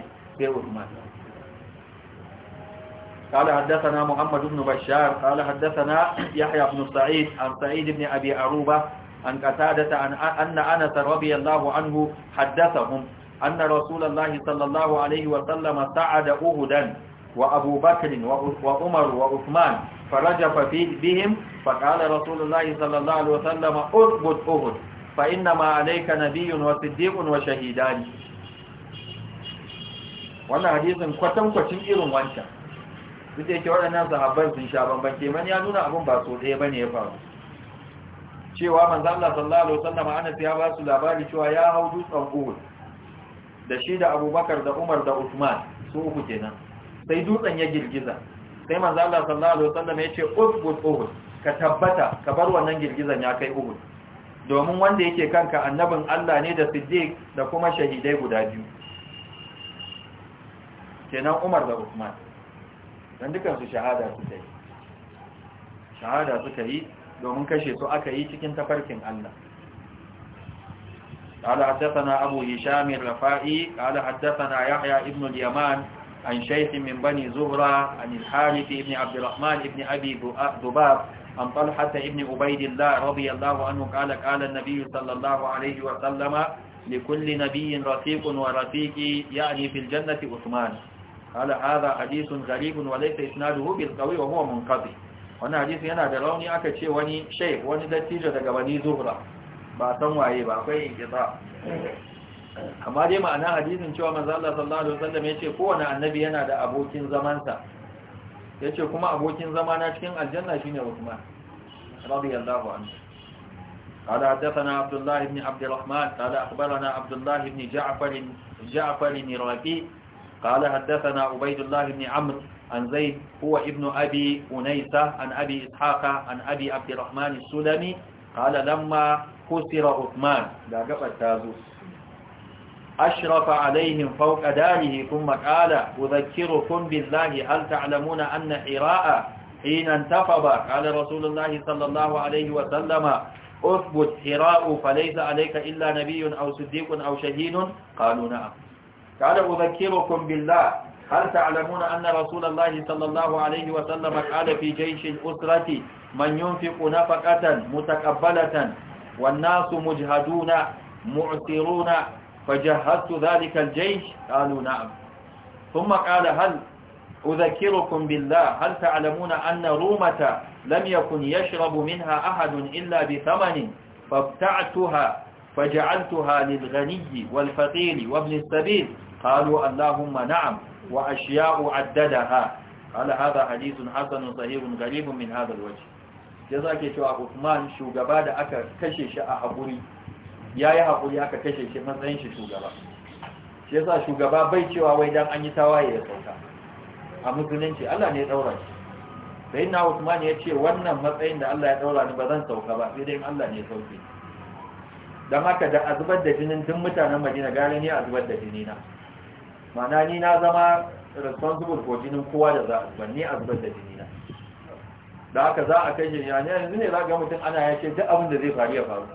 قال حدثنا محمد بن بشار قال حدثنا يحيى بن سعيد عن سعيد بن أبي عروبة عن قتادة عن أن أنس رضي الله عنه حدثهم أن رسول الله صلى الله عليه وسلم سعد أهدا وأبو بكر وعمر وعثمان فرجف بهم فقال رسول الله صلى الله عليه وسلم أثبت أهد فإنما عليك نبي وصديق وشهيدان wannan hadisin kwatankwacin irin wancan duk da yake waɗannan sahabbai sun sha bamban kenan ya nuna abin ba so ɗaya bane ya faru cewa manzo Allah sallallahu alaihi wasallam Anas ya ba su labari cewa ya hau dutsen Uhud da shi da Abubakar da Umar da Uthman su uku kenan sai dutsen ya girgiza sai manzo Allah sallallahu alaihi wasallam ya ce usbut Uhud ka tabbata ka bar wannan girgizan ya kai Uhud domin wanda yake kanka annabin Allah ne da Siddiq da kuma shahidai guda biyu kenan umar da usman don dukansu shahada suka yi shahada suka yi domin kashe su aka yi cikin tafarkin Allah قال حدثنا أبو هشام الرفائي قال حدثنا يحيى ابن اليمان عن شيخ من بني زهرة عن الحارث ابن عبد الرحمن ابن أبي ذباب عن طلحة ابن عبيد الله رضي الله عنه قال قال النبي صلى الله عليه وسلم لكل نبي رفيق ورفيق يعني في الجنة عثمان قال هذا حديث غريب وليس اسناده بالقوي وهو منقطع wannan hadisi yana da rauni aka ce wani sheikh wani dattijo daga wani zuhra ba san waye ba akwai inqita amma dai ma'ana hadisin cewa manzo Allah sallallahu alaihi wasallam yace kowanne annabi yana da abokin zamansa yace kuma abokin zamana cikin aljanna shine Uthman radiyallahu anhu قال حدثنا عبد الله بن عبد الرحمن قال أخبرنا عبد الله بن جعفر جعفر الرقي قال حدثنا عبيد الله بن عمرو عن زيد هو ابن أبي أنيسة عن أبي إسحاق عن أبي عبد الرحمن السلمي قال لما كسر عثمان لا قبل تازوس أشرف عليهم فوق داره ثم قال أذكركم بالله هل تعلمون أن حراء حين انتفض قال رسول الله صلى الله عليه وسلم أثبت حراء فليس عليك إلا نبي أو صديق أو شهيد قالوا نعم قال أذكركم بالله هل تعلمون أن رسول الله صلى الله عليه وسلم قال في جيش الأسرة من ينفق نفقة متقبلة والناس مجهدون معسرون فجهزت ذلك الجيش قالوا نعم ثم قال هل أذكركم بالله هل تعلمون أن رومة لم يكن يشرب منها أحد إلا بثمن فابتعتها فجعلتها للغني والفقير وابن السبيل قالوا اللهم نعم وأشياء عددها قال هذا حديث حسن صحيح غريب من هذا الوجه جزاك شو عثمان شو غبا da aka kashe shi a hakuri yayi hakuri aka kashe matsayin shi shugaba shi shugaba bai cewa wai dan an yi tawaye ya sauka a musulunci Allah ne ya daura shi sai na ya ce wannan matsayin da Allah ya ɗaura ni ba zan sauka ba sai Allah ne ya sauke don haka da azubar da jinin duk mutanen madina gane ne azubar da jini na Ma'ana ni na zama responsible ko jinin kowa da za a zubar ni azubar da jini na da haka za a kai jini ne yanzu ne za ga mutum ana ya ce duk abin da zai faru ya faru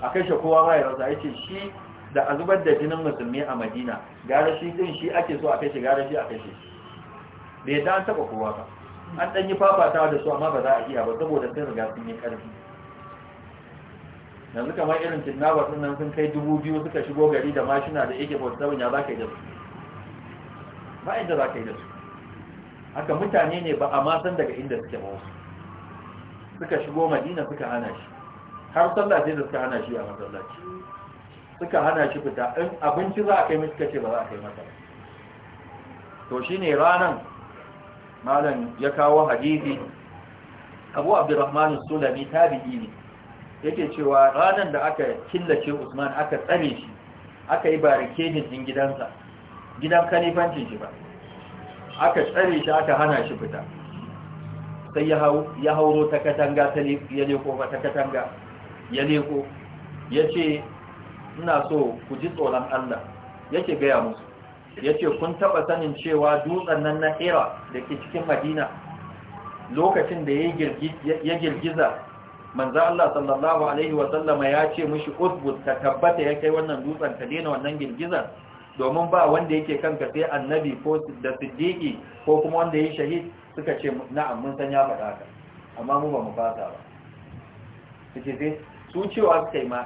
a kai shi kowa ma ya rasa ya ce shi da azubar da jinin musulmi a madina gara shi din shi ake so a kai shi gara shi a kai shi bai da an taba kowa ba an yi fafatawa da su amma ba za a iya ba saboda sun riga sun yi ƙarfi yanzu kamar irin kidnapper sun nan sun kai dubu biyu suka shigo gari da mashina da yake bauta ya za ka yi da su ba inda za ka yi da su haka mutane ne ba a san daga inda suke ba wasu suka shigo madina suka hana shi har sallah sai da suka hana shi a masallaci suka hana shi fita in abinci za a kai mai suka ce ba za a kai masa to shine ranan malam ya kawo hadisi abu abdurrahman sulami tabi'i ne yake cewa ranar da aka killace usman aka tsare shi aka yi ne din gidansa gidan kalifancin shi ba aka tsare shi aka hana shi fita sai ya hauro ta katanga ya leko ba ta katanga ya leko ya ce ina so ku ji tsoron Allah yake gaya musu ya ce kun taɓa sanin cewa dutsen nan na hira da ke cikin madina lokacin da ya girgiza manzo Allah sallallahu alaihi wa sallama ya ce mishi usbut ka tabbata ya kai wannan dutsen ka daina wannan girgizar domin ba wanda yake kanka sai annabi ko da siddiqi ko kuma wanda yayi shahid suka ce na'am mun san ya faɗa ka amma mu ba mu fasa ba suke sai su cewa suka yi ma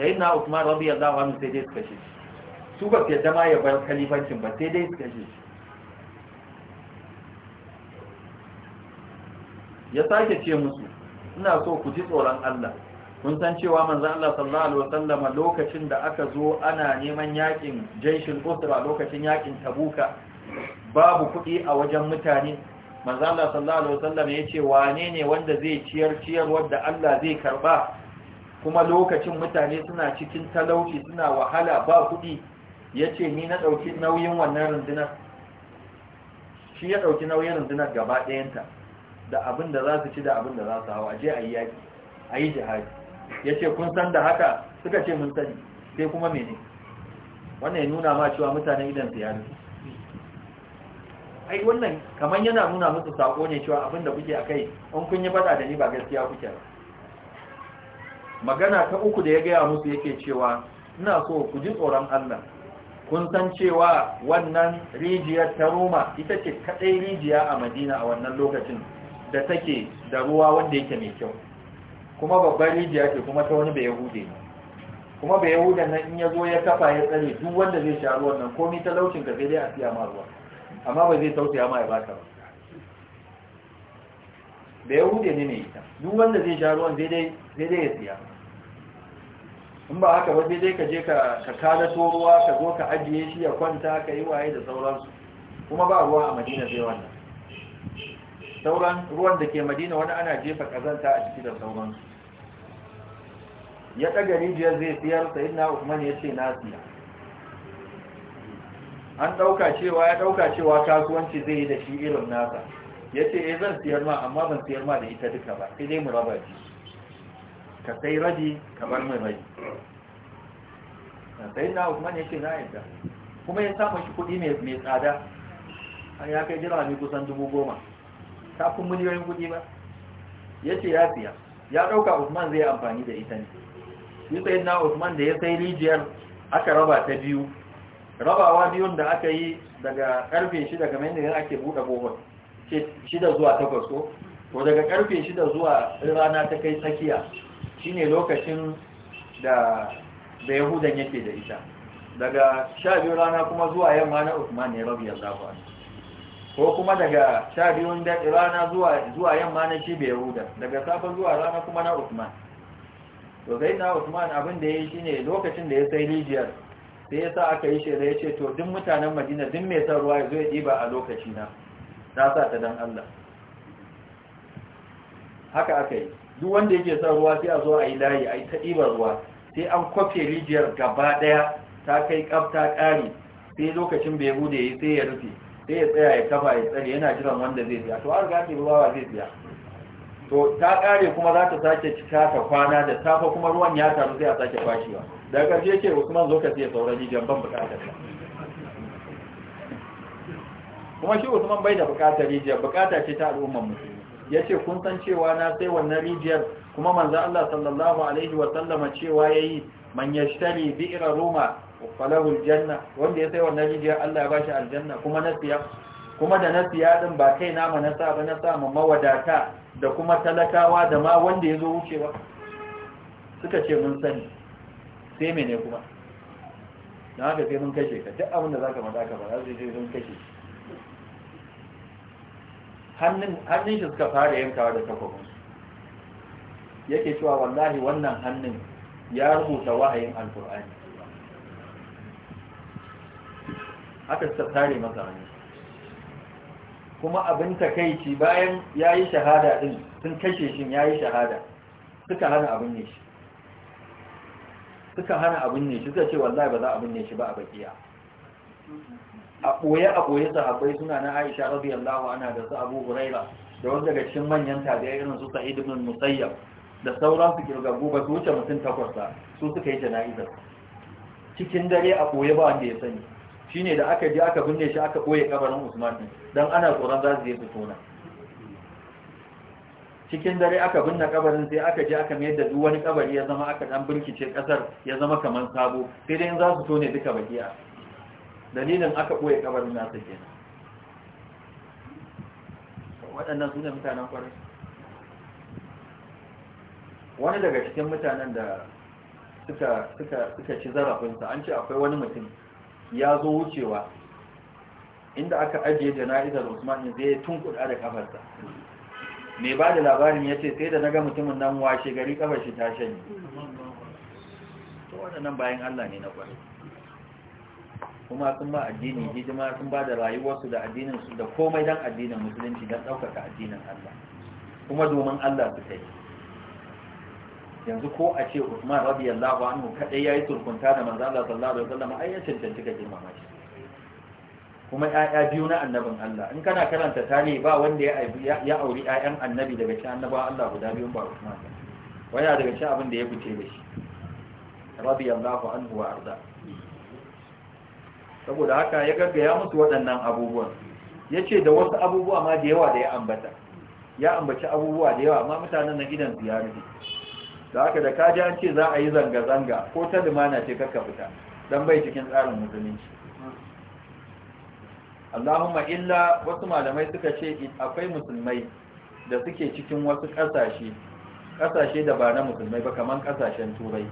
sai na Usman radiyallahu anhu sai dai suka ce su ba fiye ma ya bar khalifancin ba sai dai suka ce ya sake ce musu ina so ku ji tsoron Allah kun san cewa manzo Allah sallallahu alaihi wasallam lokacin da aka zo ana neman yakin jaishin usra lokacin yakin tabuka babu kuɗi a wajen mutane manzo Allah sallallahu alaihi wasallam yace wane ne wanda zai ciyar ciyar wanda Allah zai karba kuma lokacin mutane suna cikin talauci suna wahala ba kuɗi yace ni na dauki nauyin wannan rundunar shi ya dauki nauyin rundunar gaba ɗayanta da abin da za su ci da abin da za su hawa je a yi yaƙi a yi jihadi ya ce kun san da haka suka ce mun sani sai kuma mene wannan ya nuna ma cewa mutane idan su yanu ai wannan kamar yana nuna musu sako ne cewa abin da kuke a kai in kun yi faɗa da ni ba gaskiya kuke ba magana ta uku da ya gaya musu yake cewa ina so ku ji tsoron allah kun san cewa wannan rijiyar ta roma ita ce kaɗai rijiya a madina a wannan lokacin da take da ruwa wanda yake mai kyau kuma babbar rijiya ce kuma ta wani bai ne kuma bai yahuda nan in ya zo ya kafa ya tsare duk wanda zai sha ruwan nan komi laucin ka sai dai a siya ma ruwa amma ba zai tausaya ma ya baka ba bai ne mai ita duk wanda zai sha ruwan zai dai ya siya in ba haka ba sai dai ka je ka kada to ruwa ka zo ka ajiye shi ya kwanta ka yi waye da sauransu kuma ba ruwa a madina sai wannan sauran ruwan da ke madina wani ana jefa kazanta a ciki da sauransu ya ɗaga rijiyar zai siyar sayi na usman ya ce nasiya an ɗauka cewa ya ɗauka cewa kasuwanci zai yi da shi irin nasa ya ce ya eh, zan siyar ma amma ban siyar ma da ita duka ba sai dai mu raba ji ka sai rabi kamar mai rabi sai na usman ya ce na yadda kuma ya samun shi kuɗi mai tsada an ya kai jira ne kusan dubu goma kafin miliyoyin kuɗi ba ya ce ya siya ya ɗauka usman zai amfani da ita ne yi sai na usman da ya sai rijiyar aka raba ta biyu rabawa biyun da aka yi daga karfe shida kamar yadda ake buɗe bohon shida zuwa takwas ko to daga karfe shida zuwa rana ta kai tsakiya shine lokacin da da yahudan yake da ita daga sha biyu rana kuma zuwa yamma na usman ne rabiyar ya ko kuma daga sha biyun rana zuwa yamma na shi bai huda, daga safa zuwa rana kuma na usman to sai na usman abin da ya yi shine lokacin da ya sai rijiyar sai ya sa aka yi shaida ya ce to duk mutanen madina duk mai son ruwa ya zo ya ɗiba a lokaci na na sa ta dan allah haka aka yi duk wanda yake son ruwa sai a zo a yi layi a yi ta ɗiba ruwa sai an kwafe rijiyar gaba ɗaya ta kai ƙaf ta ƙari sai lokacin bai bude sai ya rufe sai ya tsaya ya kafa ya tsare yana jiran wanda zai biya to an gane ruwa zai biya to ta kare kuma za ta sake cika ta kwana da safa kuma ruwan ya taru sai a sake kwashewa daga ƙarshe ce usman zo ka siya saurari, jan ban bukatar ta kuma shi usman bai da bukatar rijiyar bukata ce ta al'ummar musulmi ya ce kun san cewa na sai wannan rijiyar kuma manzo Allah sallallahu alaihi wa sallama cewa yayi man yashtari bi'ra ruma falahu aljanna wanda ya sai wannan rijiya Allah ya bashi aljanna kuma nasiya kuma da nasiya din ba kai nama na sa ba na sa mawadata da kuma talakawa da ma wanda yazo wucewa suka ce mun sani sai mene kuma na haka sai mun kashe ka duk abin da zaka maza ka ba zai sai mun kashe hannun hannun shi suka fara yankawa da takwabin yake cewa wallahi wannan hannun ya rubuta wahayin alkur'ani aka tare masa ne kuma abin takaici bayan ya yi shahada ɗin sun kashe shi ya yi shahada suka hana abin ne shi suka hana abin ne shi suka ce wallahi ba za abin ne shi ba a bakiya a ɓoye a ɓoye sahabbai suna na aisha radiyallahu ana da su abu huraira da wanda daga cikin manyan tabi'ai irin su sa'id ibn musayyab da sauran su kirga ba su wuce mutum takwas ba su suka yi jana'izar cikin dare a koye ba wanda ya sani Shi ne da aka je aka binne shi aka koye kabarin usmani don ana tsoron za su yi su tona cikin dare aka binne kabarin sai aka je aka mayar da duk wani kabari ya zama aka dan birkice kasar ya zama kaman sabo sai dai in za su tone duka bakiya dalilin aka koye kabarin nasa kenan waɗannan su ne mutanen kwarai wani daga cikin mutanen da suka ci zarafinsa an ce akwai wani mutum ya zo wucewa inda aka ajiye jana'izar usman zai tun kuɗa da kafarsa mai ba da labarin ya ce sai da naga ga mutumin nan washe gari kafar shi ta shanye to waɗannan bayan allah ne na kwari kuma sun ba addini hijima sun ba da rayuwarsu da addininsu da komai don addinin musulunci don ɗaukaka addinin allah kuma domin allah su kai yanzu ko a ce Usman radiyallahu anhu kadai yayi turkunta da manzo Allah sallallahu alaihi wasallam ai ya cancanci ka girmama kuma ƴaƴa biyu na annabin Allah in kana karanta Tani ba wanda ya ya auri ƴaƴan annabi daga cikin annabawa Allah guda biyun ba Usman waya daga cikin abin da ya fice da shi radiyallahu anhu wa arda saboda haka ya gaggaya musu waɗannan abubuwan yace da wasu abubuwa ma da yawa da ya ambata ya ambaci abubuwa da yawa amma mutanen na gidan ziyarci da haka da kaji an ce za a yi zanga-zanga ko ta limana ce kakka fita don bai cikin tsarin musulunci Allahumma illa wasu malamai suka ce akwai musulmai da suke cikin wasu ƙasashe ƙasashe da ba na musulmai ba kamar ƙasashen turai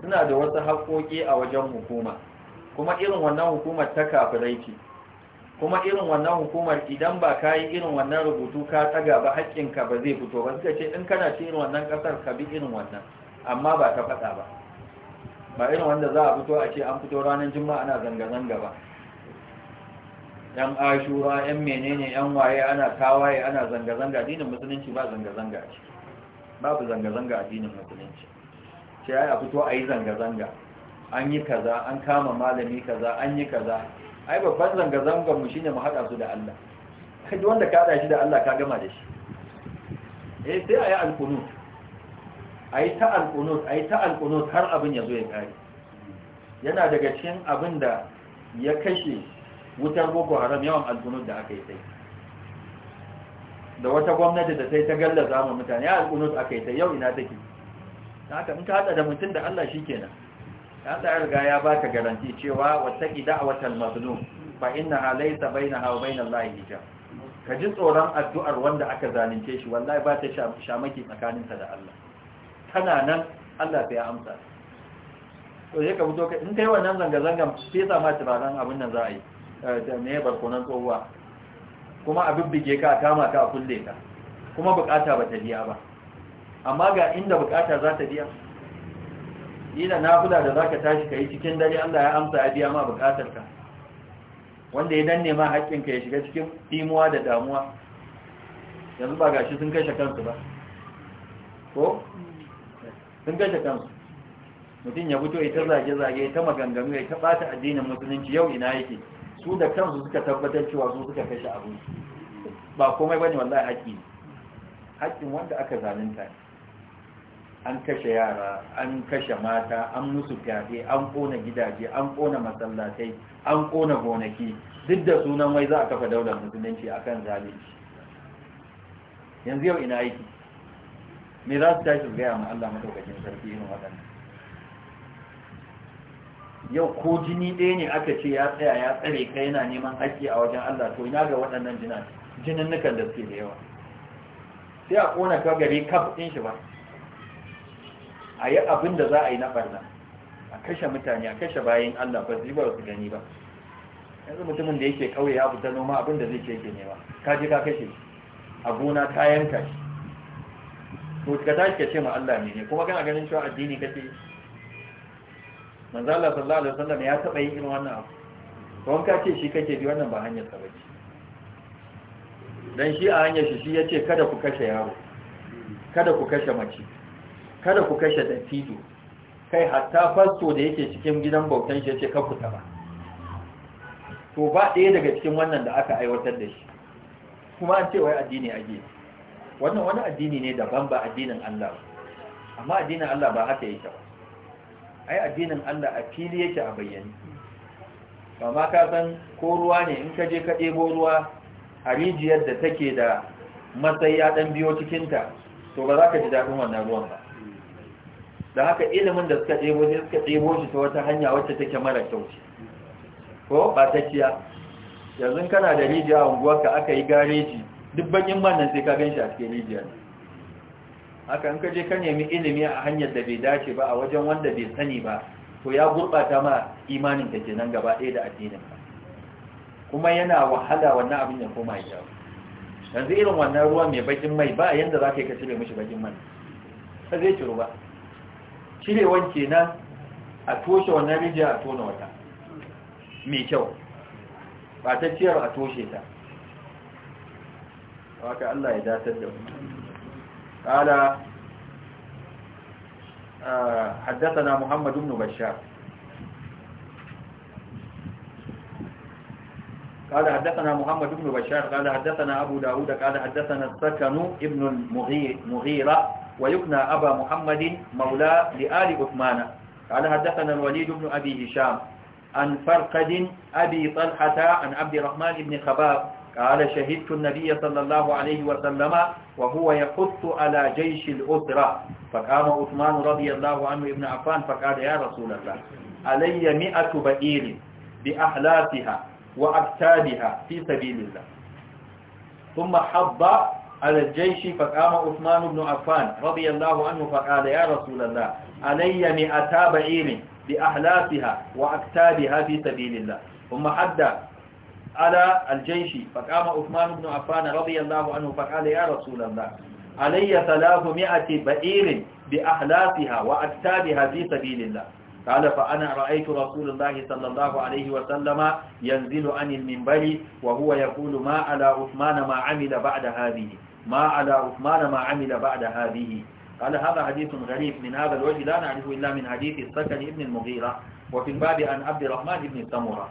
suna da wasu haƙoƙi a wajen hukuma kuma irin wannan hukumar ta kafirai ce kuma irin wannan hukumar idan ba ka yi irin wannan rubutu ka tsaga ba haƙƙinka ba zai fito ba suka ce in kana ce irin wannan ƙasar ka bi irin wannan amma ba ta faɗa ba ba irin wanda za a fito a ce an fito ranar juma'a ana zanga-zanga ba yan ashura yan menene yan waye ana tawaye ana zanga-zanga addinin musulunci ba zanga-zanga a ciki babu zanga-zanga addinin musulunci sai a fito a yi zanga-zanga an yi kaza an kama malami kaza an yi kaza ai babban zanga-zangar mu shine mu haɗa su da Allah kai wanda ka haɗa shi da Allah ka gama da shi eh sai ayi alqunut ayi ta alqunut ayi ta alqunut har abin ya zo ya kare yana daga cikin abin da ya kashe wutar boko haram yawan alqunut da aka yi sai da wata gwamnati da sai ta gallaza mu mutane alqunut aka yi sai yau ina take haka in ka haɗa da mutum da Allah shikenan Ya ya riga ya baka garanti cewa a watan mazlum fa innaha laysa bainaha wa bainal lahi hijab ka ji tsoron addu'ar wanda aka zalunce shi wallahi ba ta shamaki tsakaninsa da Allah tana nan Allah bai amsa to je ka fito ka in kai wannan zanga sai fesa ma turaren abin nan za a yi eh, da ne barkonan tsohuwa kuma a bibbige ka a kama ka a kulle ka kuma bukata ba ta biya ba amma ga inda bukata za ta biya ila kula da zaka tashi kai cikin dare Allah ya amsa ya biya ma bukatar ka wanda ya danne ma haƙƙin ka ya shiga cikin timuwa da damuwa yanzu ba gashi sun kashe kansu ba ko sun kashe kansu mutum ya fito ita zage-zage ta maganganu ya taɓata addinin musulunci yau ina yake su da kansu suka tabbatar cewa su suka kashe abu ba komai bane wallahi haƙƙi haƙƙin wanda aka zalunta ne an kashe yara an kashe mata an musu fyaɗe an ƙona gidaje an ƙona masallatai an ƙona gonaki duk da sunan wai za a kafa daular musulunci akan zalunci yanzu yau ina aiki me za su tashi gaya ma Allah madaukakin sarki irin waɗannan yau ko jini ɗaya ne aka ce ya tsaya ya tsare ka yana neman haƙƙi a wajen Allah to ina ga waɗannan jinan da suke da yawa sai a ƙona ka gari kaf ɗin shi ba a yi abin da za a yi na barna a kashe mutane a kashe bayan allah ba zai ba su gani ba yanzu mutumin da yake kauye ya fita noma abin da zai ce yake nema ka je ka kashe a gona ka yanka shi to ka tashi ka ce ma allah ne kuma kana ganin cewa addini ka ce manzala sallallahu alaihi wasallam ya taba yin irin wannan abu don ka ce shi kake bi wannan ba hanyar sa bace dan shi a hanyar shi shi yace kada ku kashe yaro kada ku kashe mace kada ku kashe dattijo kai hatta fasto da yake cikin gidan bautan shi yace ka ku ba to ba ɗaya daga cikin wannan da aka aiwatar da shi kuma an ce wai addini a gefe wannan wani addini ne daban ba addinin Allah amma addinin Allah ba haka yake ba ai addinin Allah a fili yake a bayyane ba ma ka san ko ruwa ne in ka je ka ɗebo ruwa a rijiyar da take da matsayi a ɗan biyo cikinta to ba za ka ji daɗin wannan ruwan ba da haka ilimin da suka ɗebo ne suka ɗebo shi ta wata hanya wacce take mara kyau ce ko ba ta kiya yanzu kana da rijiya a unguwarka aka yi gareji duk bakin man nan sai ka gan shi a cikin rijiyar haka in ka je ka nemi ilimi a hanyar da bai dace ba a wajen wanda bai sani ba to ya gurɓata ma imanin ka kenan gaba ɗaya da addinin ka kuma yana wahala wannan abin ya koma ya yanzu irin wannan ruwa mai bakin mai ba yanda za ka yi ka cire mishi bakin man ba zai ciro ba cirewan kenan a toshe wannan rijiya a tona wata mai kyau ba ta ciyar a toshe ta haka Allah ya datar da mu qala Haddasa محمد بن بشار قال حدثنا محمد بن بشار قال حدثنا أبو داود قال حدثنا السكن ابن المغيرة ويكنى أبا محمد مولى لآل عثمان قال حدثنا الوليد بن أبي هشام عن فرقد أبي طلحة عن عبد الرحمن بن خباب قال شهدت النبي صلى الله عليه وسلم وهو يحث على جيش الأسرة فقام عثمان رضي الله عنه ابن عفان فقال يا رسول الله علي مئة بئير بأحلافها وأكتابها في سبيل الله ثم حض على الجيش فقام عثمان بن عفان رضي الله عنه فقال يا رسول الله علي مئتا بعير بأحلافها وأكتابها في سبيل الله ثم حد على الجيش فقام عثمان بن عفان رضي الله عنه فقال يا رسول الله علي ثلاثمائة بعير بأحلافها وأكتابها في سبيل الله قال فأنا رأيت رسول الله صلى الله عليه وسلم ينزل عن المنبر وهو يقول ما على عثمان ما عمل بعد هذه ما على عثمان ما عمل بعد هذه قال هذا حديث غريب من هذا الوجه لا نعرفه إلا من حديث السكن ابن المغيرة وفي الباب عن عبد الرحمن ابن سمرة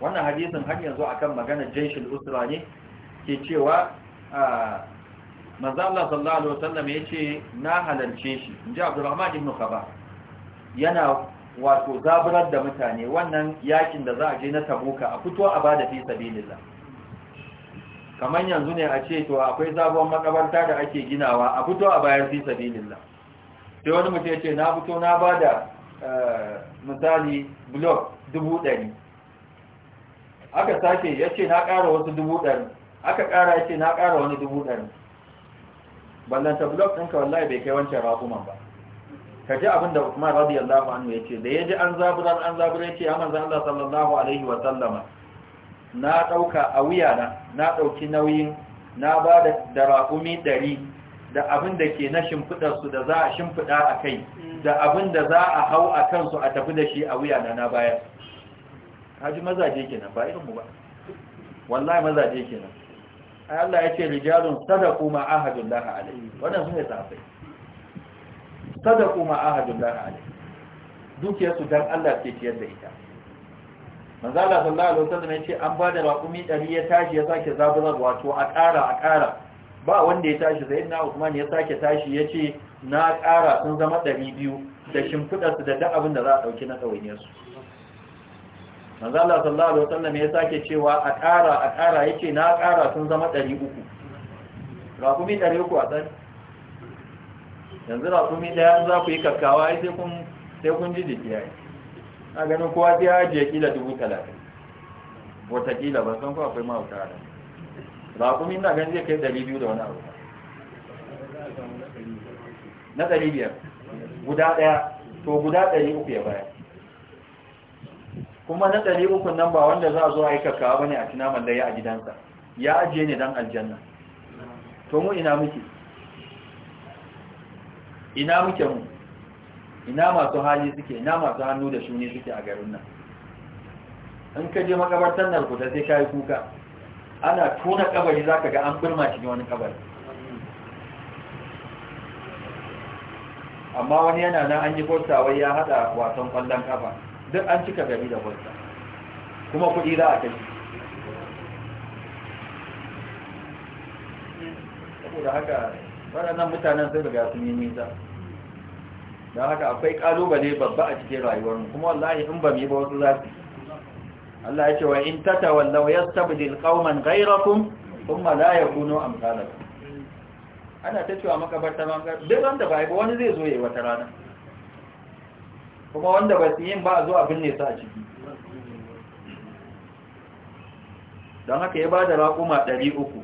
وانا حديث هل ينزع كم كان الجيش الأسراني كيشيوا manzo Allah sallallahu yace na halarce shi inji Abdurrahman ibn Khabar yana wato zaburar da mutane wannan yakin da za a je na Tabuka a fito a bada fi sabilillah kamar yanzu ne a ce to akwai sabon makabarta da ake ginawa a fito a bayan fi sabilillah sai wani mutum yace na fito na bada eh, misali blok dubu aka sake ya ce na ƙara wasu dubu aka ƙara yace ce na ƙara wani dubu ballan ballanta blok ɗinka wallahi bai kai wancan raƙuman ba kaje abin da Uthman radiyallahu anhu ya ce da ya ji an zaburan an zaburar yace ce zan Allah sallallahu alaihi wa sallama na ɗauka a wuyana na ɗauki nauyin na ba da raƙumi ɗari da abin da ke na shimfiɗarsu da za a shimfiɗa a kai mm. da abin da za a hau a kansu a tafi da shi a wuya na na bayan haji mazaje ke nan, ba irinmu ba wallahi mazaje ke nan. ai Allah ya ce rijalun sadaqu ma ahadullah alaihi wannan sune sahabbai sadaqu ma ahadullah alayhi dukiyarsu dan Allah ke ciyar da ita manzo Allah sallallahu alaihi wasallam yace an ba da raƙumi 100 ya tashi ya sake zabuzar wato a ƙara a ƙara ba wanda ya tashi sayyidina Uthman ya sake tashi yace na ƙara sun zama 200 da shimfidar su da duk abin da za a dauki na tsawainiyar su manzo Allah sallallahu alaihi wasallam ya sake cewa a ƙara a ƙara yace na ƙara sun zama 300 raƙumi 300 a tsari yanzu raƙumi ɗaya za ku yi kakkawa sai kun sai kun ji jiki a ganin kowa sai haji ya kila dubu talatin watakila ba san ko akwai mahauta a nan ba kuma ina ganin zai kai ɗari biyu da wani abu na ɗari biyar guda ɗaya to guda ɗari uku ya baya. kuma na ɗari uku nan ba wanda za a zo aikaka ba ne a cina ya a gidansa ya ajiye ne don aljanna to mu ina muke ina muke mu ina masu hali suke ina masu hannu da shuni suke a garin nan in ka je makabartar nan da sai kai kuka ana tona kabari zaka ga an birma shi wani kabari amma wani yana nan an yi bolsa wai ya hada wasan kwallon kafa duk an cika gari da bolsa kuma kuɗi za a kashi saboda haka waɗannan mutanen sai daga sun yi nisa don haka akwai kalubale babba a cikin rayuwarmu kuma wallahi in ba mu yi ba wasu zafi. Allah ya ce wa in tatawallaw yastabdil qauman ghayrakum thumma la yakunu amsalakum ana ta cewa makabarta manga duk wanda ba ba wani zai zo yayi wata rana kuma wanda ba su yin ba a zo a binne su a ciki don haka ya ba da raƙuma 300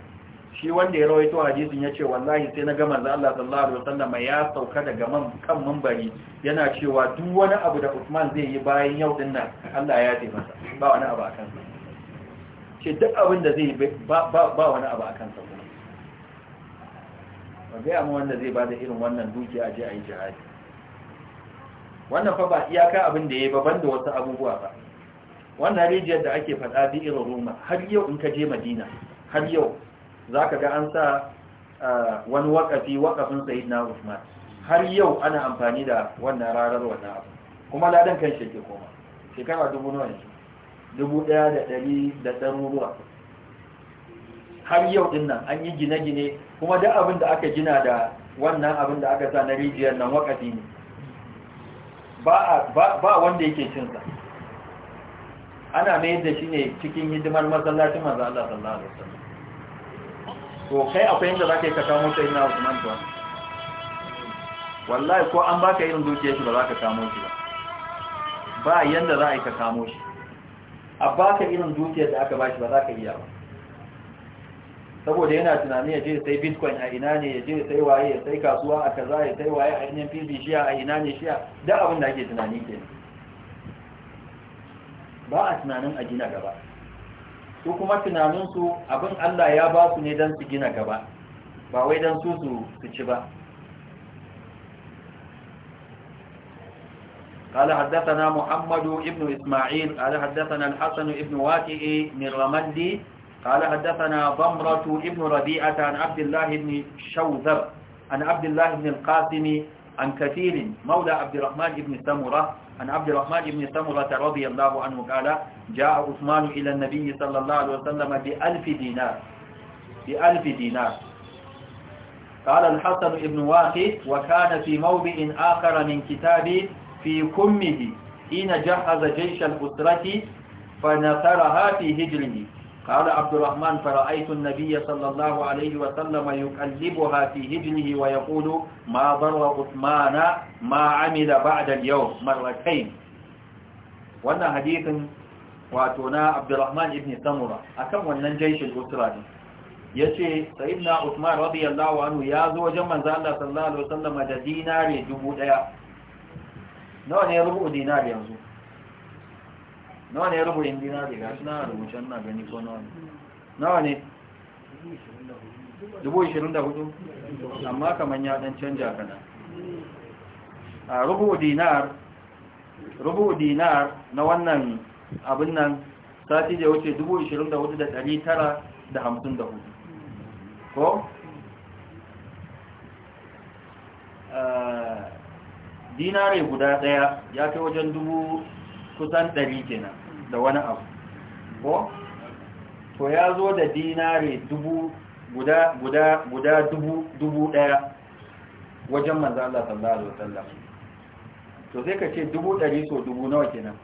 shi wanda ya rawaito hadisin yace wallahi sai na ga manzo Allah sallallahu alaihi wasallam ya sauka daga man kan mambari yana cewa duk wani abu da Usman zai yi bayan yau din nan Allah ya yi masa ba wani abu a kansa ce duk abin da zai ba ba wani abu akan sa ba ga amma wanda zai bada irin wannan dukiya aje ayi jihadi wannan fa ba iyaka abin da yayi ba banda wasu abubuwa ba wannan rijiyar da ake faɗa bi irin Roma har yau in ka je Madina har yau za ka ga an sa wani wakafi wakafin sayid usman har yau ana amfani da wannan rarar wannan abu kuma ladan kan shirke koma shekara dubu nawa ne dubu ɗaya da ɗari da ɗaruruwa har yau din nan an yi gine-gine kuma duk abin da aka gina da wannan abin da aka sa na rijiyar nan wakafi ne ba wanda yake cinsa ana mayar da shi ne cikin hidimar masallacin manzo Allah sallallahu alaihi wasallam Ko kai akwai inda za ka yi ka kamo sai na usman to wallahi ko an baka irin dukiyar shi ba za ka kamo shi ba ba yanda za a yi ka kamo shi a baka irin dukiyar da aka bashi ba za ka iya ba saboda yana tunani ya je ya sai bitcoin a ina ne ya je ya sai waye ya sai kasuwa a kaza ya sai waye a inyan fizi shiya a ina ne shiya da abin da ake tunani ke ba a tunanin a gina gaba su kuma tunaninsu abin Allah ya ba su ne don su gina gaba ba wai don su su ci ba قال حدثنا محمد ابن إسماعيل قال حدثنا الحسن ابن واتئ من رملي قال حدثنا ضمرة ابن ربيعة عن عبد الله بن شوذر عن عبد الله بن القاسم عن كثير مولى عبد الرحمن بن سمرة عن عبد الرحمن بن سمرة رضي الله عنه قال جاء عثمان إلى النبي صلى الله عليه وسلم بألف دينار بألف دينار قال الحسن بن واقد وكان في موضع آخر من كتابه في كمه حين جهز جيش الأسرة فنثرها في هجره قال عبد الرحمن فرأيت النبي صلى الله عليه وسلم يكذبها في هجنه ويقول ما ضر عثمان ما عمل بعد اليوم مرتين وانا حديث واتونا عبد الرحمن ابن سمرة أكم وانا جيش الأسرة دي يشي سيدنا عثمان رضي الله عنه يازو جمع زال صلى الله عليه وسلم جدينا لجبوت نوع يربو دينار ينزو nawa ne ruburin dinari ga suna rubucin na gani ko nawa ne nawa ne 24,000 amma kamar ya dan canja kana a rubu dinar na wannan abin nan sati da wuce 24,954 ko? Eh, dinare guda daya ya kai wajen dubu kusan ɗari kenan da wani abu ko to ya zo da dinare dubu guda guda guda dubu dubu ɗaya wajen manzan Allah sallallahu alaihi wasallam to sai ka ce dubu ɗari so dubu nawa kenan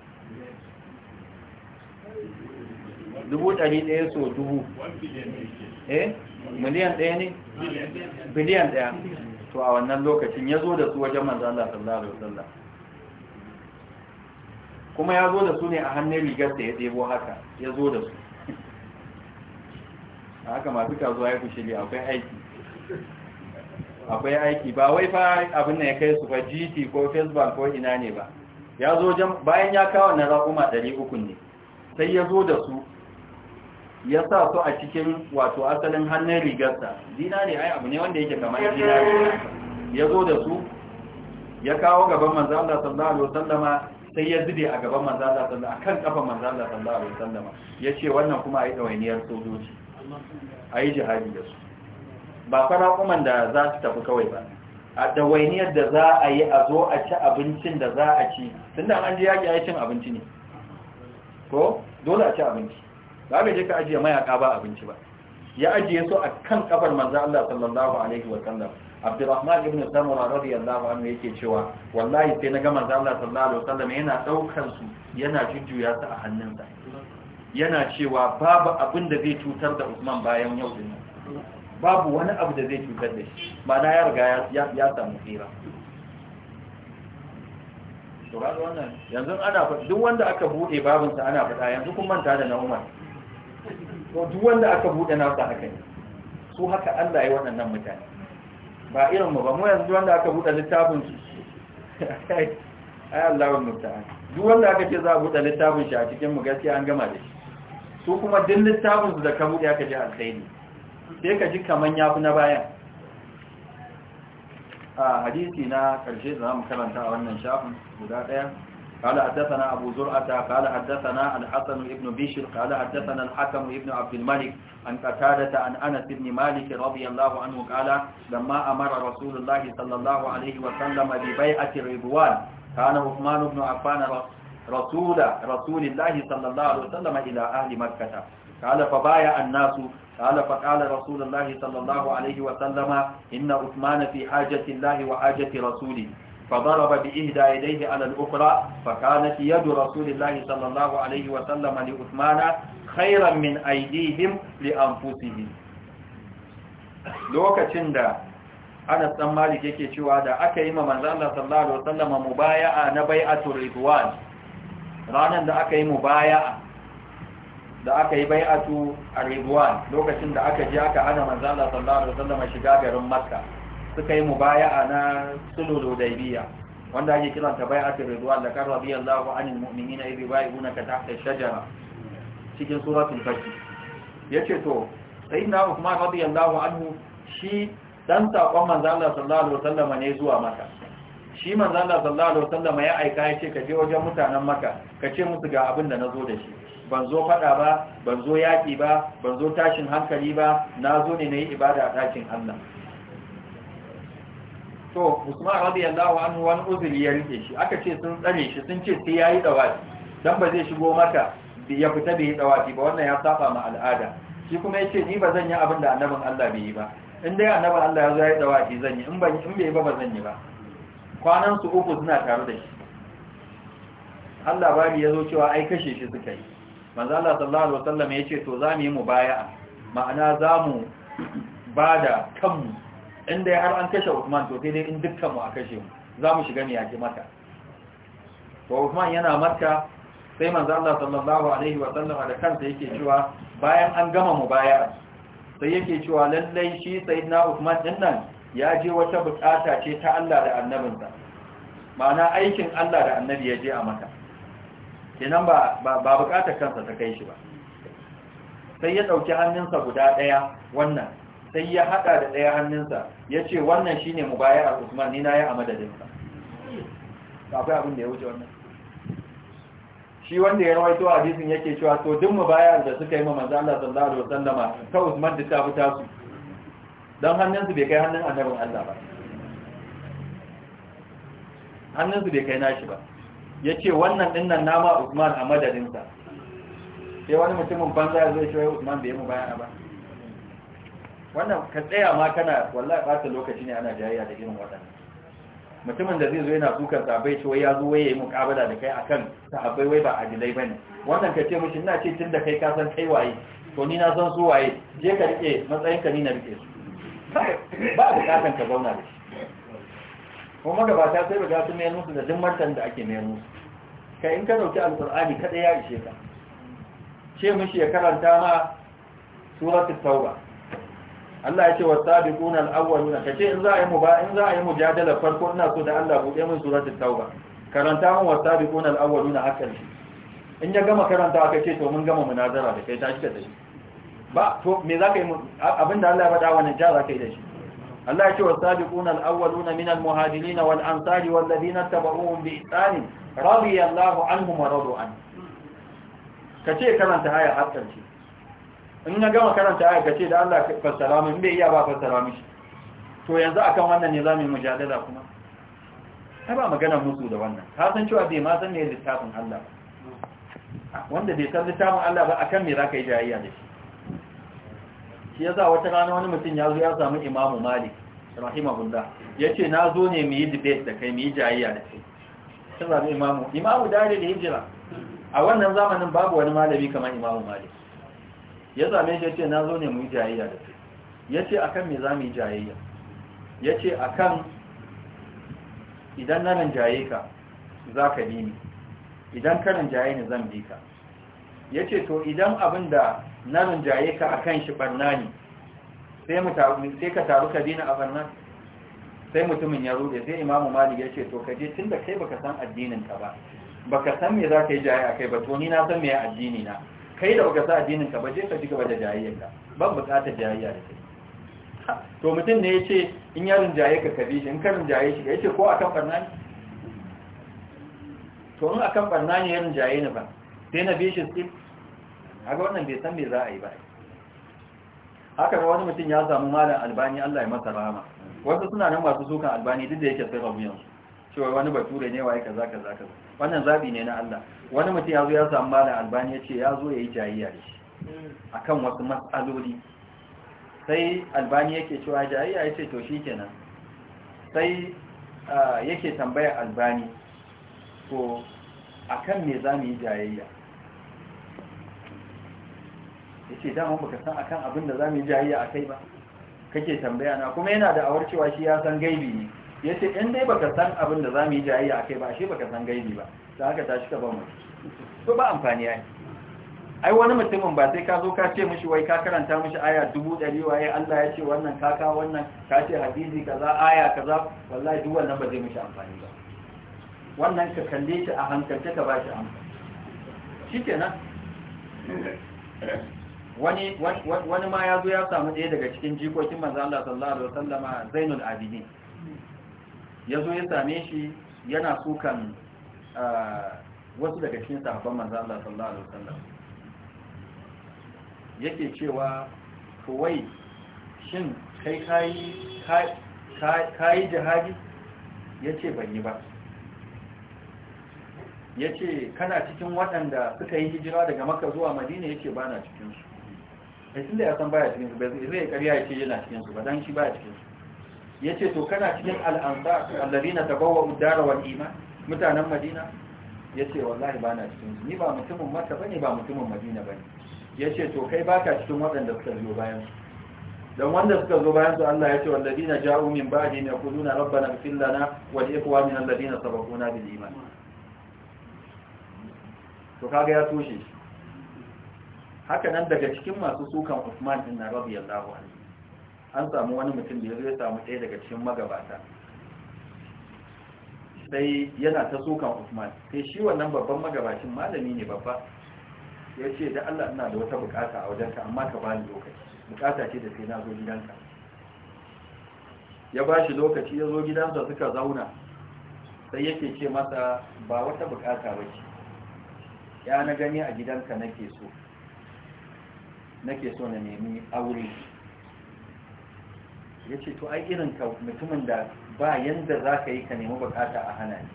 dubu ɗari ɗaya so dubu eh miliyan ɗaya ne biliyan ɗaya to a wannan lokacin ya zo da su wajen manzan Allah sallallahu alaihi wasallam kuma ya zo da su ne a hannun da ya d'ebo haka ya zo da su haka masu kasuwa ya kushiri akwai aiki akwai aiki ba wai fa abin da ya kai su fa gt ko facebook ko ina ne ba ya zo bayan ya kawo na raƙuma 300 ne sai ya zo da su ya sa su a cikin wato asalin hannun rigarsa ne ai abu ne wanda yake kamar dinari ya zo da su ya kawo gaban manzo Allah sallallahu alaihi wasallama sai ya zube a gaban manzo Allah sallallahu alaihi akan kafan manzo Allah sallallahu alaihi wasallam wannan kuma ayi dawainiyar sojoji ayi jihadi da su ba fara kuma da za su tafi kawai ba a dawainiyar da za a yi a zo a ci abincin da za a ci tun da an ji yaki ayi cin abinci ne ko dole a ci abinci ba bai je ka ajiye mayaka ba abinci ba ya ajiye su kan kafar manzo Allah sallallahu alaihi wasallam abdurrahman ibn samura radiyallahu anhu yake cewa wallahi sai na ga manzo Allah sallallahu alaihi wasallam yana daukar su yana jujjuya su a hannunsa yana cewa babu abin da zai cutar da Usman bayan yau din babu wani abu da zai cutar da shi ma'ana ya riga ya samu tsira yanzu ana duk wanda aka bude babinsa ana fada yanzu kun manta da na Umar to duk wanda aka bude nasa haka ne su haka Allah ya yi waɗannan mutane ba irin mu ba mu yanzu wanda aka buɗe littafin su ai Allahu ta duk wanda aka ce za a buɗe littafin shi a cikin mu gaskiya an gama da shi su kuma duk littafin su da ka buɗe aka ji alkhairi sai ka ji kaman yafi na bayan a hadisi na karshe da zamu karanta a wannan shafin guda ɗaya قال حدثنا أبو زرعة قال حدثنا الحسن بن بشر قال حدثنا الحكم بن عبد الملك عن قتادة عن أنس بن مالك رضي الله عنه قال لما أمر رسول الله صلى الله عليه وسلم ببيعة الرضوان كان عثمان بن عفان رسول رسول الله صلى الله عليه وسلم إلى أهل مكة قال فبايع الناس قال فقال رسول الله صلى الله عليه وسلم إن عثمان في حاجة الله وحاجة رسوله فضرب بإهدى يديه على الأخرى فكانت يد رسول الله صلى الله عليه وسلم لعثمان خيرا من أيديهم لأنفسهم lokacin da Anas dan Malik yake cewa da aka yi ma manzo Allah sallallahu alaihi wasallam na bai'atul ridwan ranan da aka yi mubaya'a da aka yi bai'atu ar-ridwan lokacin da aka je aka hana manzo shiga garin Makka suka yi mubaya'a na sulhul hudaybiya wanda ake kiran ta bai'atul ridwan da kan radiyallahu anil mu'minina idh ka tahta shajara cikin suratul fath yace to sayyidina Uthman radiyallahu anhu shi dan sakon manzo Allah sallallahu alaihi wasallam ne zuwa maka shi manzo Allah sallallahu alaihi wasallam ya aika yace ka je wajen mutanen maka ka ce musu ga abin da nazo da shi ban zo fada ba ban zo yaki ba ban zo tashin hankali ba nazo ne nayi ibada a tashin Allah to usman radiyallahu anhu wani uzuri ya rike shi aka ce sun tsare shi sun ce sai yayi dawati dan ba zai shigo maka ya fita bai dawati ba wannan ya saba ma al'ada shi kuma yace ni ba zan yi abin da annabin Allah bai yi ba in dai annabin Allah ya zo yayi dawati zan yi in ban in bai ba ba zan yi ba kwanan su uku suna tare da shi Allah bari ya zo cewa ai kashe shi suka yi manzo Allah sallallahu alaihi wasallam yace to za mu yi mubaya'a ma'ana za mu bada kanmu in dai har an kashe Usman to sai dai in dukkan mu a kashe mu za mu shiga ne yaki maka to Usman yana maka sai manzo Allah sallallahu alaihi wa sallam da kansa yake cewa bayan an gama baya. sai yake cewa lallai shi sayyidina Usman din nan ya je wata bukata ce ta Allah da annabinsa ma'ana aikin Allah da annabi ya je a maka kenan ba ba bukatar kansa ta kai shi ba sai ya dauki hannunsa guda daya wannan sai ya hada da daya hannunsa ya ce wannan shi ne a usman ni na yi a madadinsa akwai abin da ya wuce wannan shi wanda ya rawaito hadisin yake cewa to duk mubaya da suka yi ma Allah sallallahu alaihi Sallama, ta usman da ta fita su dan hannunsu bai kai hannun annabin Allah ba hannunsu bai kai nashi ba ya ce wannan dinnan nama usman a madadinsa sai wani mutumin banza ya zo ya ce usman bai yi mubaya ba wannan ka tsaya ma kana wallahi ɓata lokaci ne ana jayayya da irin waɗannan mutumin da zai zo yana dukan sahabbai cewa ya zo waye yi mukabala da kai akan sahabbai wai ba adilai bane wannan ka ce mushi ina ce tunda kai ka san kai waye to ni na san su waye je ka rike matsayin ka ni na rike su ba a bukatan ka zauna da shi kuma magabata, sai ba su mayar musu da duk martan da ake mayar musu kai in ka dauki alqur'ani kada ya ishe ka ce mushi ya karanta ma suratul tauba Allah ya ce wa sabiquna al-awwaluna kace in za a yi mu ba in za a yi mujadala farko ina so da Allah buɗe min suratul tauba karanta mun wa sabiquna al-awwaluna hakan shi in ya gama karanta aka ce to mun gama munazara da kai tashi da shi ba to me zaka yi abinda Allah ya faɗa wannan ja zaka yi da shi Allah ya ce wa sabiquna al-awwaluna min al-muhajirin wal ansari wal ladina tabauhum bi ihsan radiyallahu anhum wa radu an kace karanta haya hakan shi in na gama karanta aya kace da Allah fassara min bai iya ba fassara mishi to yanzu akan wannan ne zamu mujadala kuma ai ba magana musu da wannan ka san cewa bai ma san me littafin Allah wanda bai san littafin Allah ba akan me zaka yi jayayya da shi shi yasa wata rana wani mutum ya zo ya samu Imam Malik rahimahullah yace na zo ne mu yi debate da kai mu yi jayayya da kai sai zabi Imam imam dare da hijira a wannan zamanin babu wani malami kamar Imam Malik ya same shi ya ce na zo ne mu yi jayayya da su. ya ce a kan me za mu yi jayayya ya ce a kan idan na jaye ka za ka bi ni idan ka jaye ni zan bi ka ya ce to idan abin da na jaye ka a kan shi barna ne sai ka taru ka bi ni a barna sai mutumin ya rude sai imamu malik ya ce to ka je tun da kai baka san addinin ka ba baka san me za ka yi jayayya kai ba to ni na san me ya addini na kai da baka sa addinin ka ba je ka ci gaba da jayayyar ka ban bukatar jayayya da kai to mutum ne yace in yarin jaye ka kabe shi in karin jaye shi yace ko akan barna ne to in akan barna ne yarin jaye ne ba sai na bishi shi sai wannan bai san me za a yi ba haka ga wani mutum ya samu malam albani Allah ya masa rahama wasu suna nan masu sukan albani duk da yake sai rabu yanzu cewa wani bature ne waye kaza kaza kaza wannan zabi ne na Allah wani mutum ya zo ya samu malam albani ya ce ya zo ya yi jayayya da shi a kan wasu matsaloli sai albani yake cewa jayayya ya ce to shi kenan sai yake tambaya albani ko a kan me za mu yi jayayya ya ce dama baka san akan abin da za mu yi jayayya a kai ba kake tambaya na kuma yana da awar cewa shi ya san gaibi ne ya ce in dai baka san abin da za mu yi jayayya a kai ba ashe baka san gaibi ba da haka tashi ka ba mu to ba amfani ai ai wani mutumin ba sai ka zo ka ce mishi wai ka karanta mishi aya dubu ɗari waye Allah ya ce wannan kaka wannan ka ce hadisi kaza aya kaza wallahi duk wannan ba zai mishi amfani ba wannan ka kalle shi a hankalce ka ba shi amfani shikenan wani wani ma ya zo ya samu ɗaya daga cikin jikokin manzo Allah sallallahu alaihi wasallama Zainul Abidin ya zo ya same shi yana sukan wasu daga cikin sahabban manzo Allah sallallahu alaihi wasallam yake cewa kawai shin kai kai kai jihadi yace ban yi ba yace kana cikin waɗanda suka yi hijira daga Makka zuwa Madina yace bana cikin su sai tunda ya san baya cikin su bai zai kariya yace yana cikin su ba dan shi baya cikin su yace to kana cikin al alladina tabawwa'u dara wal iman mutanen madina yace wallahi ba na cikin ni ba mutumin makka bane ba mutumin madina bane yace to kai baka cikin waɗanda suka zo bayan su dan wanda suka zo bayan su Allah ya ce walladina ja'u min ba'dihim yaquluna rabbana ighfir lana wa li ikhwanina alladina sabaquna bil iman to kage ya tushe haka nan daga cikin masu sukan Uthman bin Radiyallahu anhu an samu wani mutum da ya zo ya samu ɗaya daga cikin magabata sai yana ta sokan usman sai shi wannan babban magabacin malami ne babba ya ce da allah ina da wata bukata a wajenka amma ka bani lokaci bukata ce da sai na zo gidanka ya ba shi lokaci ya zo gidansa suka zauna sai yake ce masa ba wata bukata ba ce ya na gani a gidanka nake so nake so na nemi aure ya ce to ai irin ka mutumin da ba yanda za ka yi ka nemi bukata a hana ne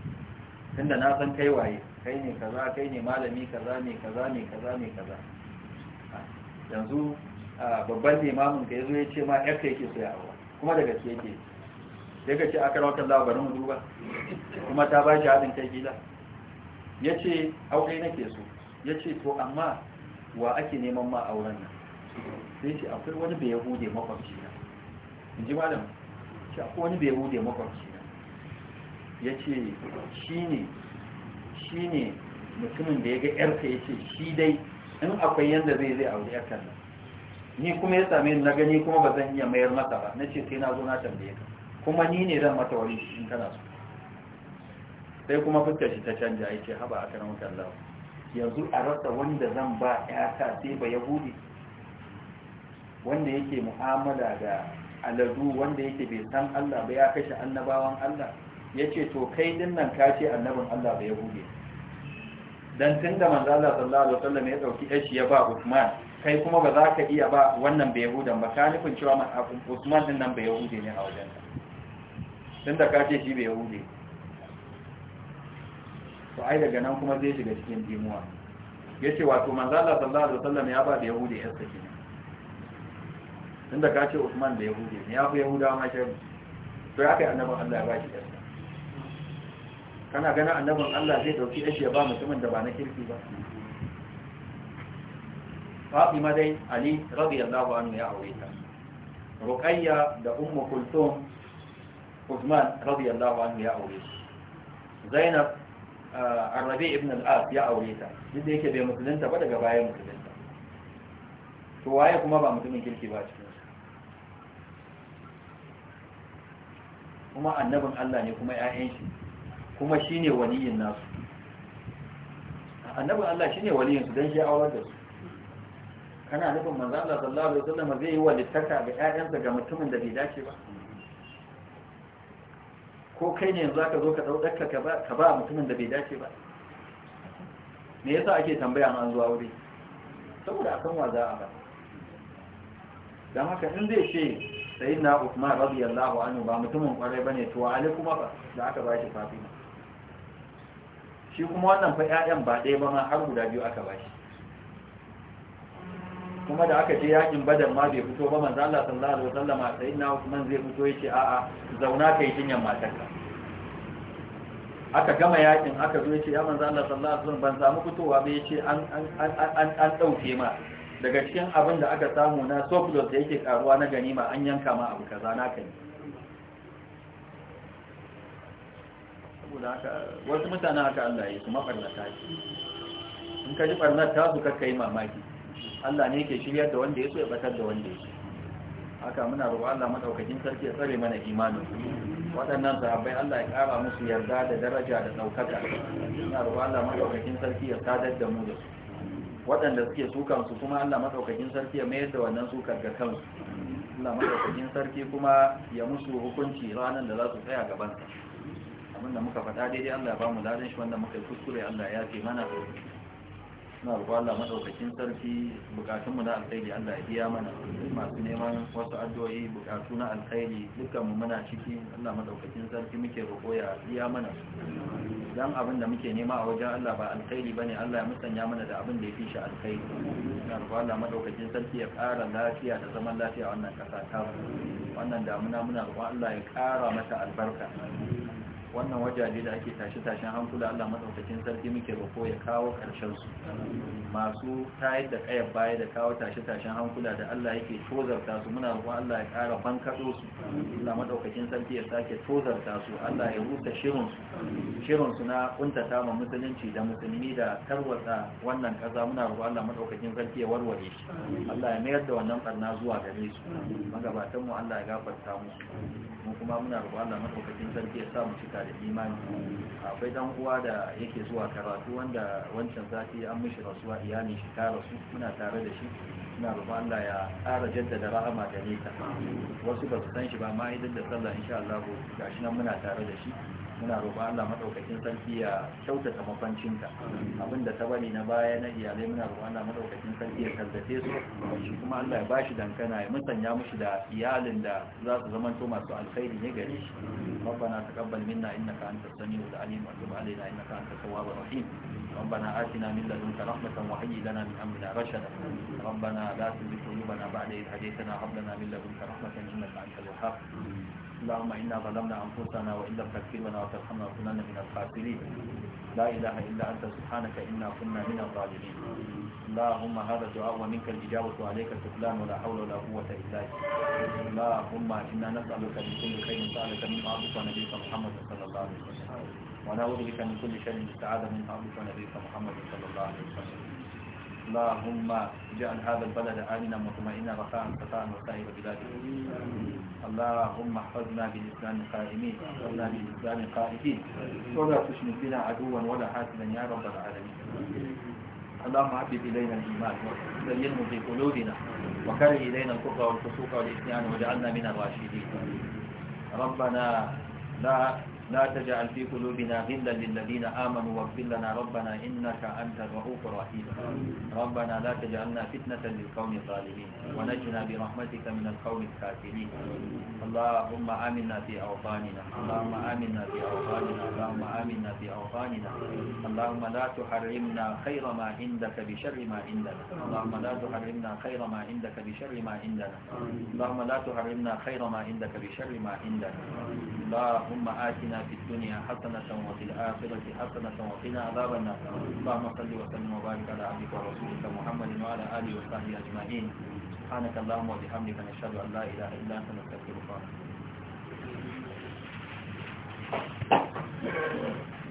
tunda na san kai waye kai ne kaza kai ne malami kaza ne kaza ne kaza ne kaza yanzu babban limamin ka yazo ya ce ma yarka yake so ya aura kuma daga ke yake sai ce aka rawar Allah bari mu duba kuma ta ba shi haɗin kai gida ya ce aure nake so ya ce to amma wa ake neman ma auren nan sai ce akwai wani bai yahude makwabci na in ji malam shi akwai wani bai hude makwabci ya ce shi ne mutumin da ya ga yarka ya ce shi dai in akwai yadda zai zai auri yarka nan ni kuma ya same na gani kuma ba zan iya mayar masa ba na ce sai na zo na tambaye ka kuma ni ne zan mata wani shi kana so sai kuma fuskar shi ta canja ya ce haba a karan wutar lawa yanzu a rasa wanda zan ba yata sai ba yahudi wanda yake mu'amala ga. aladu wanda yake bai san Allah ba ya kashe annabawan Allah yace to kai dinnan ka ce annabin Allah ba ya buge dan da manzo Allah sallallahu alaihi wasallam ya dauki ashi ya ba Uthman kai kuma ba za ka iya ba wannan bai hudan ba ka nufin cewa man Uthman din nan bai buge ne a wajen tunda ka ce shi bai buge to ai daga nan kuma zai shiga cikin dimuwa yace wato manzo Allah sallallahu alaihi wasallam ya ba da Yahudi yarsa ne. tunda ka ce Usman da Yahudi ne ya fi Yahudawa ma shi to ya kai annabin Allah ya ba shi yarsa kana ganin annabin Allah zai dauki yarsa ya ba mutumin da ba na kirki ba ma dai Ali radiyallahu anhu ya aure ta Ruqayya da Ummu Kulthum Usman radiyallahu anhu ya aure Zainab Arabi ah, ibn al-As ya aure ta duk da yake bai musulunta ba daga bayan musulunta to waye kuma ba mutumin kirki ba cikin kuma annabin Allah ne kuma ‘ya’yan shi kuma shine waliyin nasu annabin Allah shine waliyin su dan shi aurar da su kana nufin manzo Allah sallallahu alaihi wasallam zai yi walittaka ga 'ya'yansa ga mutumin da bai dace ba ko kai ne yanzu ka zo ka ɗauɗarka ka ba mutumin da bai dace ba me yasa ake tambaya an zuwa wuri saboda akan wa za a ba don haka in zai ce sai na Uthman radiyallahu anhu ba mutumin kwarai bane to Ali kuma ba da aka ba shi Fatima shi kuma wannan fa ƴaƴan ba ɗaya ba ma har guda biyu aka ba shi kuma da aka je yakin Badar ma bai fito ba manzo Allah sallallahu alaihi wasallam sai na Uthman zai fito yace a'a zauna kai tinyan matarka aka gama yakin aka zo yace ya manzo Allah sallallahu alaihi wasallam ban samu fitowa ba yace an an an an dauke ma daga cikin abin da aka samu na surplus da yake karuwa na ganima an yanka ma abu kaza na kai. wasu mutane haka Allah ya su shi in ka ji barnata su kakka yi mamaki Allah ne ke shiryar da wanda ya so ya batar da wanda ya haka muna roƙo Allah madaukakin sarki ya tsare mana imanin waɗannan sahabbai Allah ya ƙara musu yarda da daraja da ɗaukaka muna roƙo Allah madaukakin sarki ya sadar da mu da su waɗanda suke sukan su kuma Allah madaukakin sarki ya mayar da wannan sukar ga kansu Allah madaukakin sarki kuma ya musu hukunci ranar da za su tsaya gaban abinda muka faɗa daidai Allah ya ba mu ladan shi wanda muka yi kuskure Allah ya ce mana suna alƙwala Allah madaukakin sarki bukatunmu na alƙairi Allah ya biya mana masu neman wasu addu'o'i bukatu na alƙairi dukkan mu muna ciki Allah madaukakin sarki muke roƙo ya biya mana dan abin da muke nema a wajen Allah ba ba bane Allah ya musanya mana da abin da fi shi alƙairi na roƙon madaukakin sarki ya ƙara lafiya da zaman lafiya wannan ƙasa ta wannan damuna muna roƙon Allah ya ƙara mata albarka wannan wajaje da ake tashi-tashin hankula Allah matsaukakin sarki muke roko ya kawo su. masu tayar da kayar baya da kawo tashi-tashin hankula da Allah yake tozarta su muna roƙon Allah ya ƙara bankaɗo su Allah matsaukakin sarki ya sake tozarta su Allah ya rusa shirinsu shirinsu na ƙuntata ma musulunci da musulmi da tarwatsa wannan ƙasa muna roƙon Allah matsaukakin sarki ya warware shi Allah ya mayar da wannan barna zuwa gare su magabatanmu Allah ya gafarta musu mu kuma muna roƙon Allah madaukakin sarki ya sa mu cika da imani akwai dan uwa da yake zuwa karatu wanda wancan zafi an mishi rasuwa iyalin shi ta rasu muna tare da shi muna roƙon Allah ya ƙara jaddada rahama da ta wasu ba su san shi ba ma idan da sallah insha Allah gashi nan muna tare da shi muna roƙon Allah madaukakin sarki ya kyautata ka. abinda ta bari na baya na iyalai muna roƙon Allah madaukakin sarki ya kallace su shi kuma Allah ya bashi dankana ya musanya mushi da iyalin da za su zama to masu alkhairi ne gare shi rabbana taqabbal minna innaka antas samiul alim wa tub alaina innaka antas tawwabur rahim ربنا آتنا من لدنك رحمة وهيئ لنا من أمرنا رشدا ربنا لا تزغ قلوبنا بعد إذ هديتنا hab lana min ladunka rahmatan innaka antal wahhab اللهم إنا ظلمنا أنفسنا وإن لم تكفر لنا وترحمنا لنكونن من الخاسرين لا إله إلا أنت سبحانك إنا كنا من الظالمين اللهم هذا الدعاء ومنك الإجابة وعليك السفلان ولا حول ولا قوة إلا بك اللهم إنا نسألك من كل خير سألك من عبدك ونبيك محمد صلى الله عليه وسلم ونعوذ بك من كل شر استعاذ من عبدك ونبيك محمد صلى الله عليه وسلم اللهم اجعل هذا البلد آمنا مطمئنا رخاء رخاء وسائر بلاده اللهم احفظنا بالإسلام قائمين واحفظنا بالإسلام قائمين ولا تشمل بنا عدوا ولا حاسدا يا رب العالمين اللهم عبد إلينا الإيمان وسلمه في قلوبنا وكره إلينا الكفر والفسوق والإسلام واجعلنا من الراشدين ربنا لا لا تجعل في قلوبنا غلا للذين آمنوا واغفر لنا ربنا إنك أنت الرؤوف الرحيم ربنا لا تجعلنا فتنة للقوم الظالمين ونجنا برحمتك من القوم الكافرين اللهم آمنا في أوطاننا اللهم آمنا في أوطاننا اللهم آمنا في أوطاننا اللهم لا تحرمنا خير ما عندك بشر ما عندنا اللهم لا تحرمنا خير ما عندك بشر ما عندنا اللهم لا تحرمنا خير ما عندك بشر ما عندنا اللهم آتنا في الدنيا حسنة وفي الآخرة حسنة وقنا عذاب النار اللهم صل وسلم وبارك على عبدك ورسولك محمد وعلى آله وصحبه أجمعين سبحانك اللهم وبحمدك نشهد أن لا إله إلا أنت نستغفرك ونتوب إليك